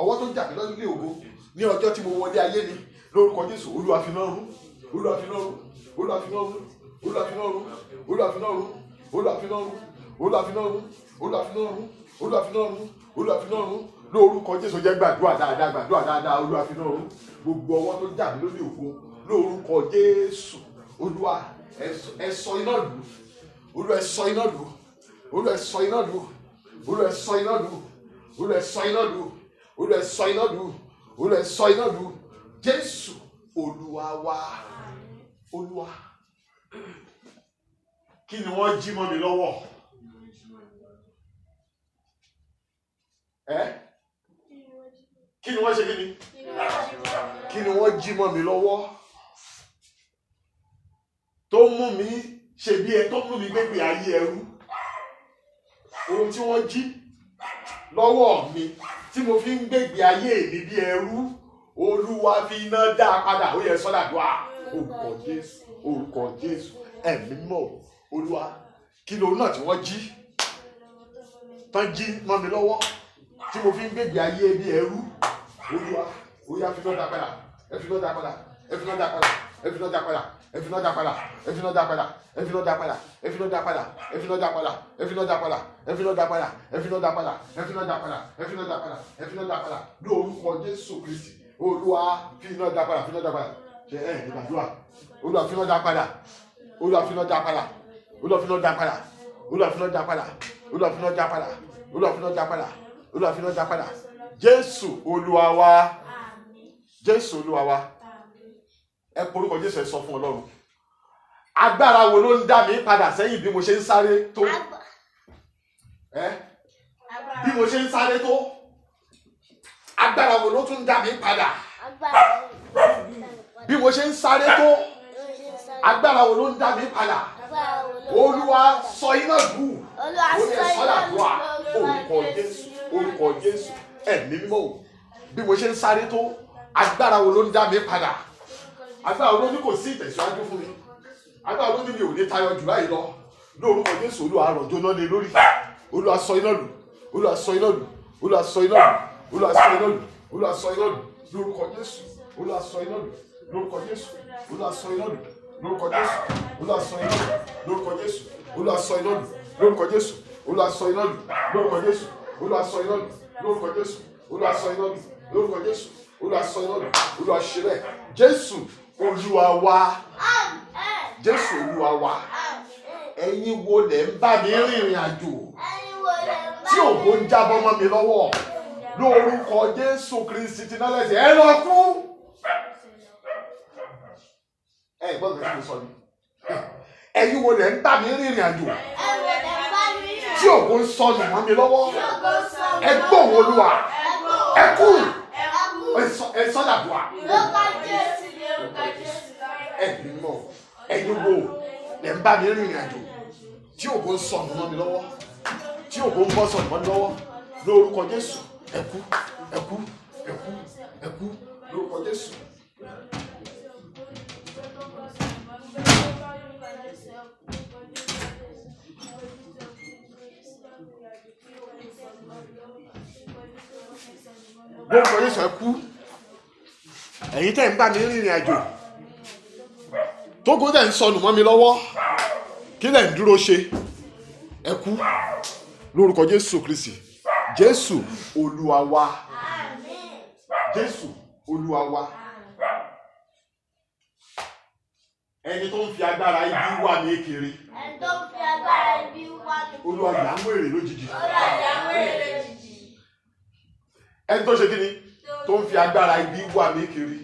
ọwọ́ tó jà mí lórí ògo ní ọjọ́ tí mo wọlé ayé ni lórúkọ jésù olúwa fi iná rú olúwa fi iná rú olúwa fi iná rú olúwa fi iná rú olúwa fi iná rú olúwa fi iná rú olúwa fi iná rú olúwa fi iná rú olúwa fi iná rú olúwa fi iná rú lórúkọ jésù jẹ́ gbàdúrà dáadáa gbàdúrà dáadáa olúwa fi náà gbogbo ọwọ́ tó jà mí lórí ògo lórúkọ jésù olúwa ẹ sọ iná lù olúwa ẹ sọ iná lù olúwa ẹ sọ iná lù olúwa ẹ sọ iná lù olúwa ẹ sọ iná lù olúwa ẹ sọ iná lù olúwa ẹ sọ iná lù jésù olúwa wa olúwa kí ni wọ́n jí mọ́ mi lọ́wọ́ ẹ́. Eh? kí ni wọ́n ṣe kí ni kí ni wọ́n jí mọ́ mi lọ́wọ́ tó mú mi ṣe bí ẹ tó mú mi gbégbé ayé ẹrú ohun tí wọ́n jí lọ́wọ́ mi tí mo fi ń gbégbé ayé mi bí ẹrú olúwa fi iná dá a padà ó yẹ sọ́dà dùn à orúkọ jésù orúkọ jésù ẹ̀mí mọ̀ olúwa kí ni òun náà tí wọ́n jí tán jí mọ́ mi lọ́wọ́ tí mo fi ń gbégbé ayé bí ẹrú olúwa oyè àfihàn dá padà ẹfihàn dá padà ẹfihàn dá padà ẹfihàn dá padà ẹfihàn dá padà ẹfihàn dá padà ẹfihàn dá padà ẹfihàn dá padà ẹfihàn dá padà ẹfihàn dá padà ẹfihàn dá padà ẹfihàn dá padà ẹfihàn dá padà ẹfihàn dá padà ẹfihàn dá padà lórúkọ jésù kristi olúwa fihàn dá padà fihàn dá padà ṣe ẹ ìgbàdúrà olúwa fihàn dá padà olúwa fihàn dá padà olúwa fihàn dá padà olúwa fihàn dá padà olúwa fihàn dá padà olúwa fihàn dá padà olúwa fihàn dá padà jésù olúwa wa jésù olúwa wa ẹ porúkọ jésù ẹ sọ fún ọlọ́run agbára wo ló ń dá mi padà sẹ́yìn bí mo ṣe ń sáré tó bí mo ṣe ń sáré tó agbára wo ló tún ń dá mi padà bí mo ṣe ń sáré tó agbára wo ló ń dá mi padà olúwa sọ iná dùn olùyẹ sọdà dùn à orúkọ jésù orúkọ jésù ẹ̀mí mímọ́ o bí mo ṣe ń sáré tó agbára wo ló ń dá mi padà agbára wo ló ní kò sí ìtẹ̀síwájú fún mi agbára wo ló ní mi ò ní tayọ jù báyìí lọ lórúkọ Jésù Olúwa àròjọ náà lé lórí Olúwa sọ iná lù Olúwa sọ iná lù Olúwa sọ iná lù Olúwa sọ iná lù Olúwa sọ iná lù lórúkọ Jésù Olúwa sọ iná lù lórúkọ Jésù Olúwa sọ iná lù lórúkọ Jésù Olúwa sọ iná lù lórúkọ Jésù Olúwa sọ iná lù lórúkọ Jésù Olúwa sọ iná lù lórúkọ Jésù Olúwa sọ iná lù lórúkọ jésù olúwa sọ iná nù lórúkọ jésù olúwa sọ iná nù olúwa ṣe jésù olúwa wa jésù olúwa wa ẹ̀yin wo lẹ̀ ń bá mi rìnrìn àjò tí ògo ń jábọ́ mọ́ mi lọ́wọ́ lórúkọ jésù kristi ti náà lẹ́sẹ̀ ẹ lọ kú ẹ gbọ́dọ̀ kí n sọ ni ẹ̀yin wo lẹ̀ ń bá mi rìnrìn àjò tí ògo ń sọ nù mọ́ mi lọ́wọ́ ẹ gbóhùn olúwa ẹ kú ẹ sọ́dàbọ̀à ẹ̀yin mọ̀ ẹ̀yin wo lẹ́ ń bá mi rìnrìn àjò tí ògo ń sọ nù mọ́ mi lọ́wọ́ tí ògo ń bọ́ sọ nù mọ́ mi lọ́wọ́ lórúkọ Jésù ẹ kú ẹ kú ẹ lórúkọ Jésù. Thank you. gbogbo yìí sọ kú ẹ̀yin tẹ́ ń bá mi rìnrìn àjò tógun tẹ́ ń sọnù mọ́ mi lọ́wọ́ kí lẹ̀ ń dúró ṣe ẹ kú lórúkọ jésù kristi jésù olúwa wa jésù olúwa wa ẹni tó ń fi agbára ibi wá mi kiri olúwa yà ń wèrè lójijì olúwa yà ń wèrè lójijì ẹni tó ṣe kí ni tó ń fi agbára ibi wà mí kiri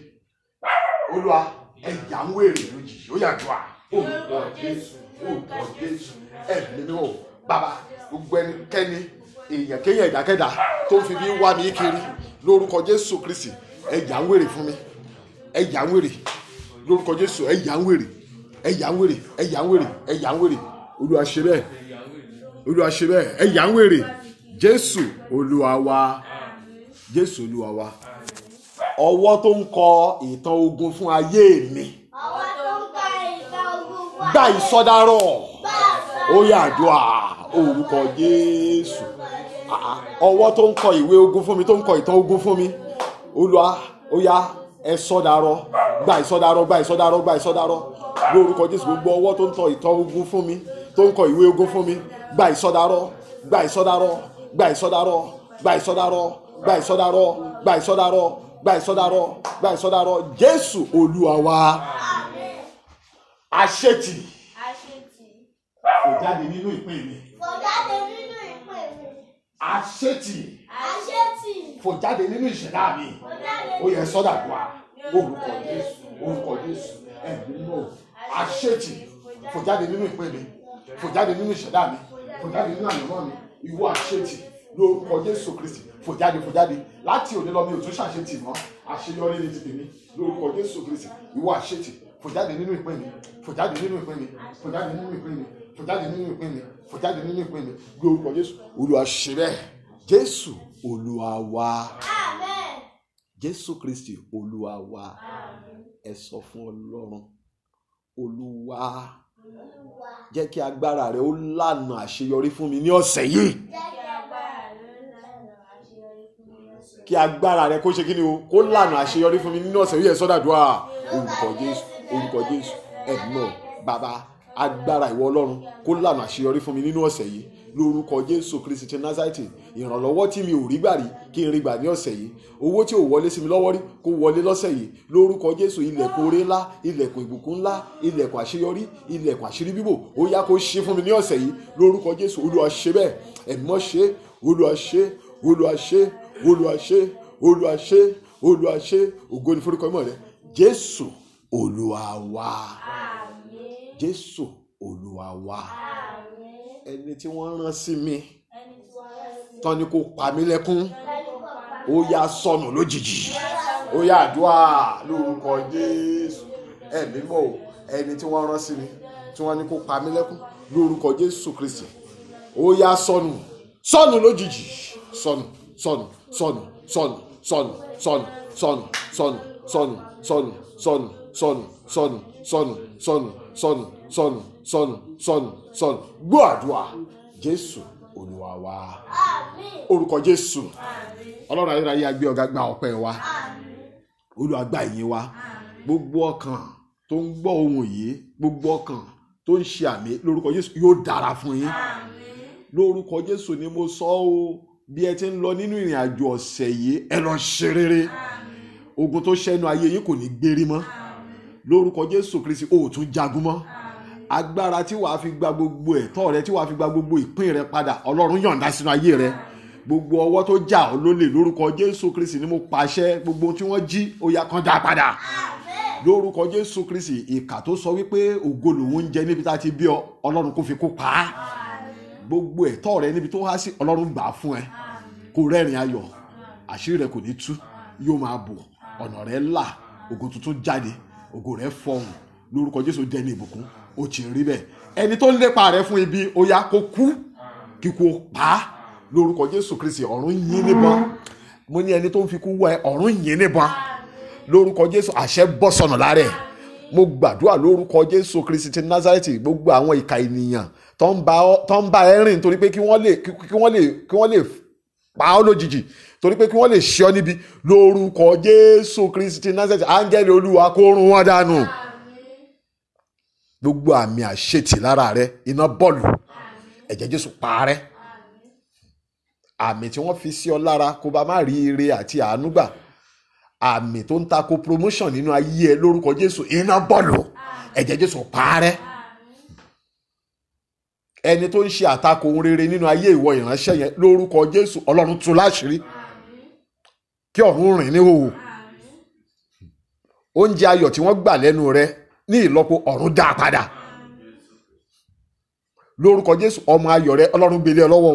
olúwa ẹ̀yà ń wèrè lójijì ó yàgbọ́ à orúkọ jésù orúkọ jésù ẹ̀mí mi ò bàbá gbogbo ẹnikẹ́ni èèyàn kéèyàn ìdákẹ́dá tó ń fi bí wà mí kiri lórúkọ jésù kristi ẹ̀yà ń wèrè fún mi ẹ̀yà ń wèrè lórúkọ jésù ẹ̀yà ń wèrè ẹ̀yà ń wèrè ẹ̀yà ń wèrè ẹ̀yà ń wèrè olúwa ṣe bẹ́ẹ̀ olúwa ṣe bẹ́ẹ̀ ẹ̀yà ń wèrè jésù olúwa wa jésù olúwa wa ọwọ́ tó ń kọ ìtàn ogun fún ayé mi gba ìsọdárọ̀ ó yá àdúrà orúkọ jésù ọwọ́ tó ń kọ ìwé ogun fún mi tó ń kọ ìtàn ogun fún mi olúwa ó ẹ sọdárọ̀ gba ìsọdárọ̀ gba ìsọdárọ̀ gba ìsọdárọ̀ lórúkọ jésù gbogbo ọwọ́ tó ń tọ ìtàn ogun fún mi tó ń kọ ìwé ogun fún mi gba ìsọdárọ̀ gba ìsọdárọ̀ gba ìsọdárọ̀ gba ìsọdárọ̀ gba ìsọdarọ gba ìsọdarọ gba ìsọdarọ gba ìsọdarọ jésù olúwa wa àṣetì kò jáde nínú ìpín mi kò jáde nínú ìpín mi àṣetì àṣetì kò jáde nínú ìṣẹ̀dá mi ó yẹ sọ́dà wa orúkọ jésù orúkọ jésù ẹ̀mí náà àṣetì kò jáde nínú ìpín mi kò jáde nínú ìṣẹ̀dá mi kò nínú àyànmọ́ mi ìwọ àṣetì lórúkọ jésù kristi fòjáde fòjáde láti òní lọ mi ò tún ṣàṣetì mọ́ àṣeyọrí ni ti tèmi lórúkọ jésù kristi ìwọ àṣetì fòjáde nínú ìpín mi fòjáde nínú ìpín mi fòjáde nínú ìpín mi fòjáde nínú ìpín mi fòjáde nínú ìpín mi lórúkọ jésù olúwa ṣe bẹ́ẹ̀ jésù olúwa wa jésù kristi olúwa wa ẹ sọ fún ọlọ́run olúwa jẹ́ kí agbára rẹ̀ ó lànà àṣeyọrí fún mi ní ọ̀sẹ̀ yìí. Yeah, yeah kí agbára rẹ kó ṣe kí ni o kó lànà àṣeyọrí fún mi nínú ọ̀sẹ̀ yìí ẹ̀ sọ́dàdúrà orúkọ Jésù orúkọ Jésù ẹ̀gbọ́n bàbá agbára ìwọ Ọlọ́run kó lànà àṣeyọrí fún mi nínú ọ̀sẹ̀ yìí lórúkọ jésù kristi ti nazareti ìrànlọ́wọ́ tí mi ò rí gbà rí kí n rí gbà ní ọ̀sẹ̀ yìí owó tí ò wọlé sí mi lọ́wọ́ rí kó wọlé lọ́sẹ̀ yìí lórúkọ jésù ilẹ̀kùn oore ńlá ilẹ̀kùn ìbùkún ńlá ilẹ̀kùn àṣeyọrí ilẹ̀kùn àṣírí bíbò ó yá kó ṣe fún mi ní ọ̀sẹ̀ yìí lórúkọ jésù olúwa ṣe bẹ́ẹ̀ ṣe olúwa ṣe olúwa ṣe olúwa ṣe olúwa ṣe ògo ni forúkọ mọ́ rẹ jésù olúwa wa jésù olúwa wa ẹni tí wọ́n rán sí mi tán ni kò pa mí lẹ́kún ó yá sọnù lójijì ó yá àdúrà lórúkọ jésù ẹ̀mí mọ́ o ẹni tí wọ́n rán sí mi tí wọ́n ní kó pa mí lẹ́kún lórúkọ jésù kristi ó yá sọnù sọnù lójijì sọnù. Son, son, son, son, son, son, son, son, son, son, son, son, son, son, son, son, son, son, son, gbọ́ àdúrà jésù olúwa wa orúkọ jésù ọlọ́run ayérayé agbé ọ̀gá gba ọpẹ́ wa olúwa gba ìyìn wa gbogbo ọkàn tó ń gbọ́ ohun yìí gbogbo ọkàn tó ń ṣe àmì lórúkọ jésù yóò dára fún yín lórúkọ jésù ni mo sọ ọ́ o bí ẹ ti ń lọ nínú ìrìn àjò ọ̀sẹ̀ yìí ẹ lọ ṣe rere ogun tó ṣẹnu ayé yín kò ní gbérí mọ́ lórúkọ Jésù Kristi o ò tún jagun mọ́ agbára tí wàá fi gba gbogbo ẹ̀tọ́ rẹ tí wàá fi gba gbogbo ìpín rẹ padà Ọlọ́run yọ̀ǹda sínú ayé rẹ gbogbo ọwọ́ tó jà ọ́ lólè lórúkọ Jésù Kristi ni mo pàṣẹ gbogbo tí wọ́n jí ó yá kan dá padà lórúkọ Jésù Kristi ìkà tó sọ wípé ògo lòun ń jẹ níbi tá a ti bí ọ Ọlọ́run kò fi kó pa á gbogbo ẹ̀tọ́ rẹ níbi tó há sí ọlọ́run gbà á fún ẹ kó rẹ́rìn ayọ̀ àṣírí rẹ kò ní tú yóò máa bò ọ̀nà rẹ là ògo tuntun jáde ògo rẹ fọhùn lórúkọ jésù dẹni ìbùkún ó ti rí bẹ́ẹ̀ ẹni tó ń lépa rẹ fún ibi ó yá kó kú kíkó pa á lórúkọ jésù kristi ọ̀run yín níbọn mo ní ẹni tó ń fi kú wọ ẹ ọ̀run yín níbọn lórúkọ jésù àṣẹ bọ́ sọnù lárẹ̀ mo gbàdúrà lórúkọ jésù kristi ti nazareti gbogbo àwọn ìka ènìyàn tó ń bá ẹ rìn torí pé kí wọ́n lè kí wọ́n lè kí wọ́n lè pa ọ́ lójijì torí pé kí wọ́n lè ṣe ọ́ níbi lórúkọ Jésù Kristi Násárẹ́tì áńgẹ́lì Olúwa kó run wọn dànù gbogbo àmì àṣetì lára rẹ iná bọ́ọ̀lù ẹ̀jẹ̀ Jésù parẹ́ àmì tí wọ́n fi sí ọ lára kó bá má rí ire àti àánú gbà àmì tó ń tako promotion nínú ayé ẹ lórúkọ Jésù iná bọ́ọ̀lù ẹ̀jẹ̀ Jésù parẹ́ ẹni tó ń ṣe àtakò ohun rere nínú ayé ìwọ ìránṣẹ́ yẹn lórúkọ jésù ọlọ́run tú láṣìírí kí ọ̀run rìn ní hòhò oúnjẹ ayọ̀ tí wọ́n gbà lẹ́nu rẹ ní ìlọ́po ọ̀run dá padà lórúkọ jésù ọmọ ayọ̀ rẹ ọlọ́run gbélé ọ lọ́wọ́ o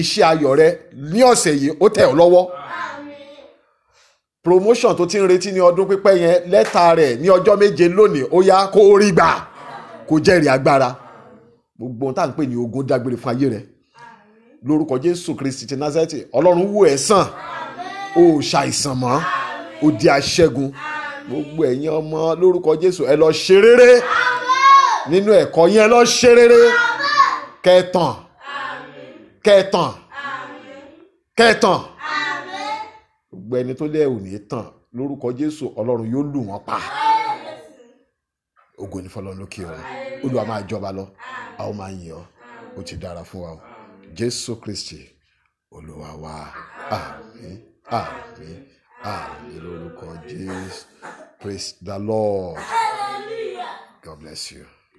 iṣẹ́ rẹ ní ọ̀sẹ̀ yìí ó tẹ̀ ọ́ lọ́wọ́ promotion tó ti ń retí ní ọdún pípẹ́ yẹn lẹ́tà rẹ̀ ní ọjọ́ méje lónìí ó yá kó rí gbà kó jẹ́rìí agbára gbogbo ohun tá à ń pè ní ogun dágbére fún ayé rẹ lórúkọ jésù kristi ti nazareti ọlọ́run wò ẹ́ o ṣàìsàn mọ́ o di aṣẹ́gun gbogbo ẹ̀yin ọmọ lórúkọ jésù ẹ lọ ṣe rere nínú ẹ̀kọ́ yẹn lọ ṣe rere kẹtàn kẹtàn kẹtàn gbogbo ẹni tó lé ẹ̀ tàn lórúkọ jésù ọlọ́run yóò lù wọ́n pa. Amen. Ogun ní fọlọ́n lókè ọ̀run olúwa máa jọba lọ a ó máa yìn ọ́ ó ti dára fún wa o jésù kristi olúwa wa àmín àmín àmín lórúkọ jésù praise the lord god bless you.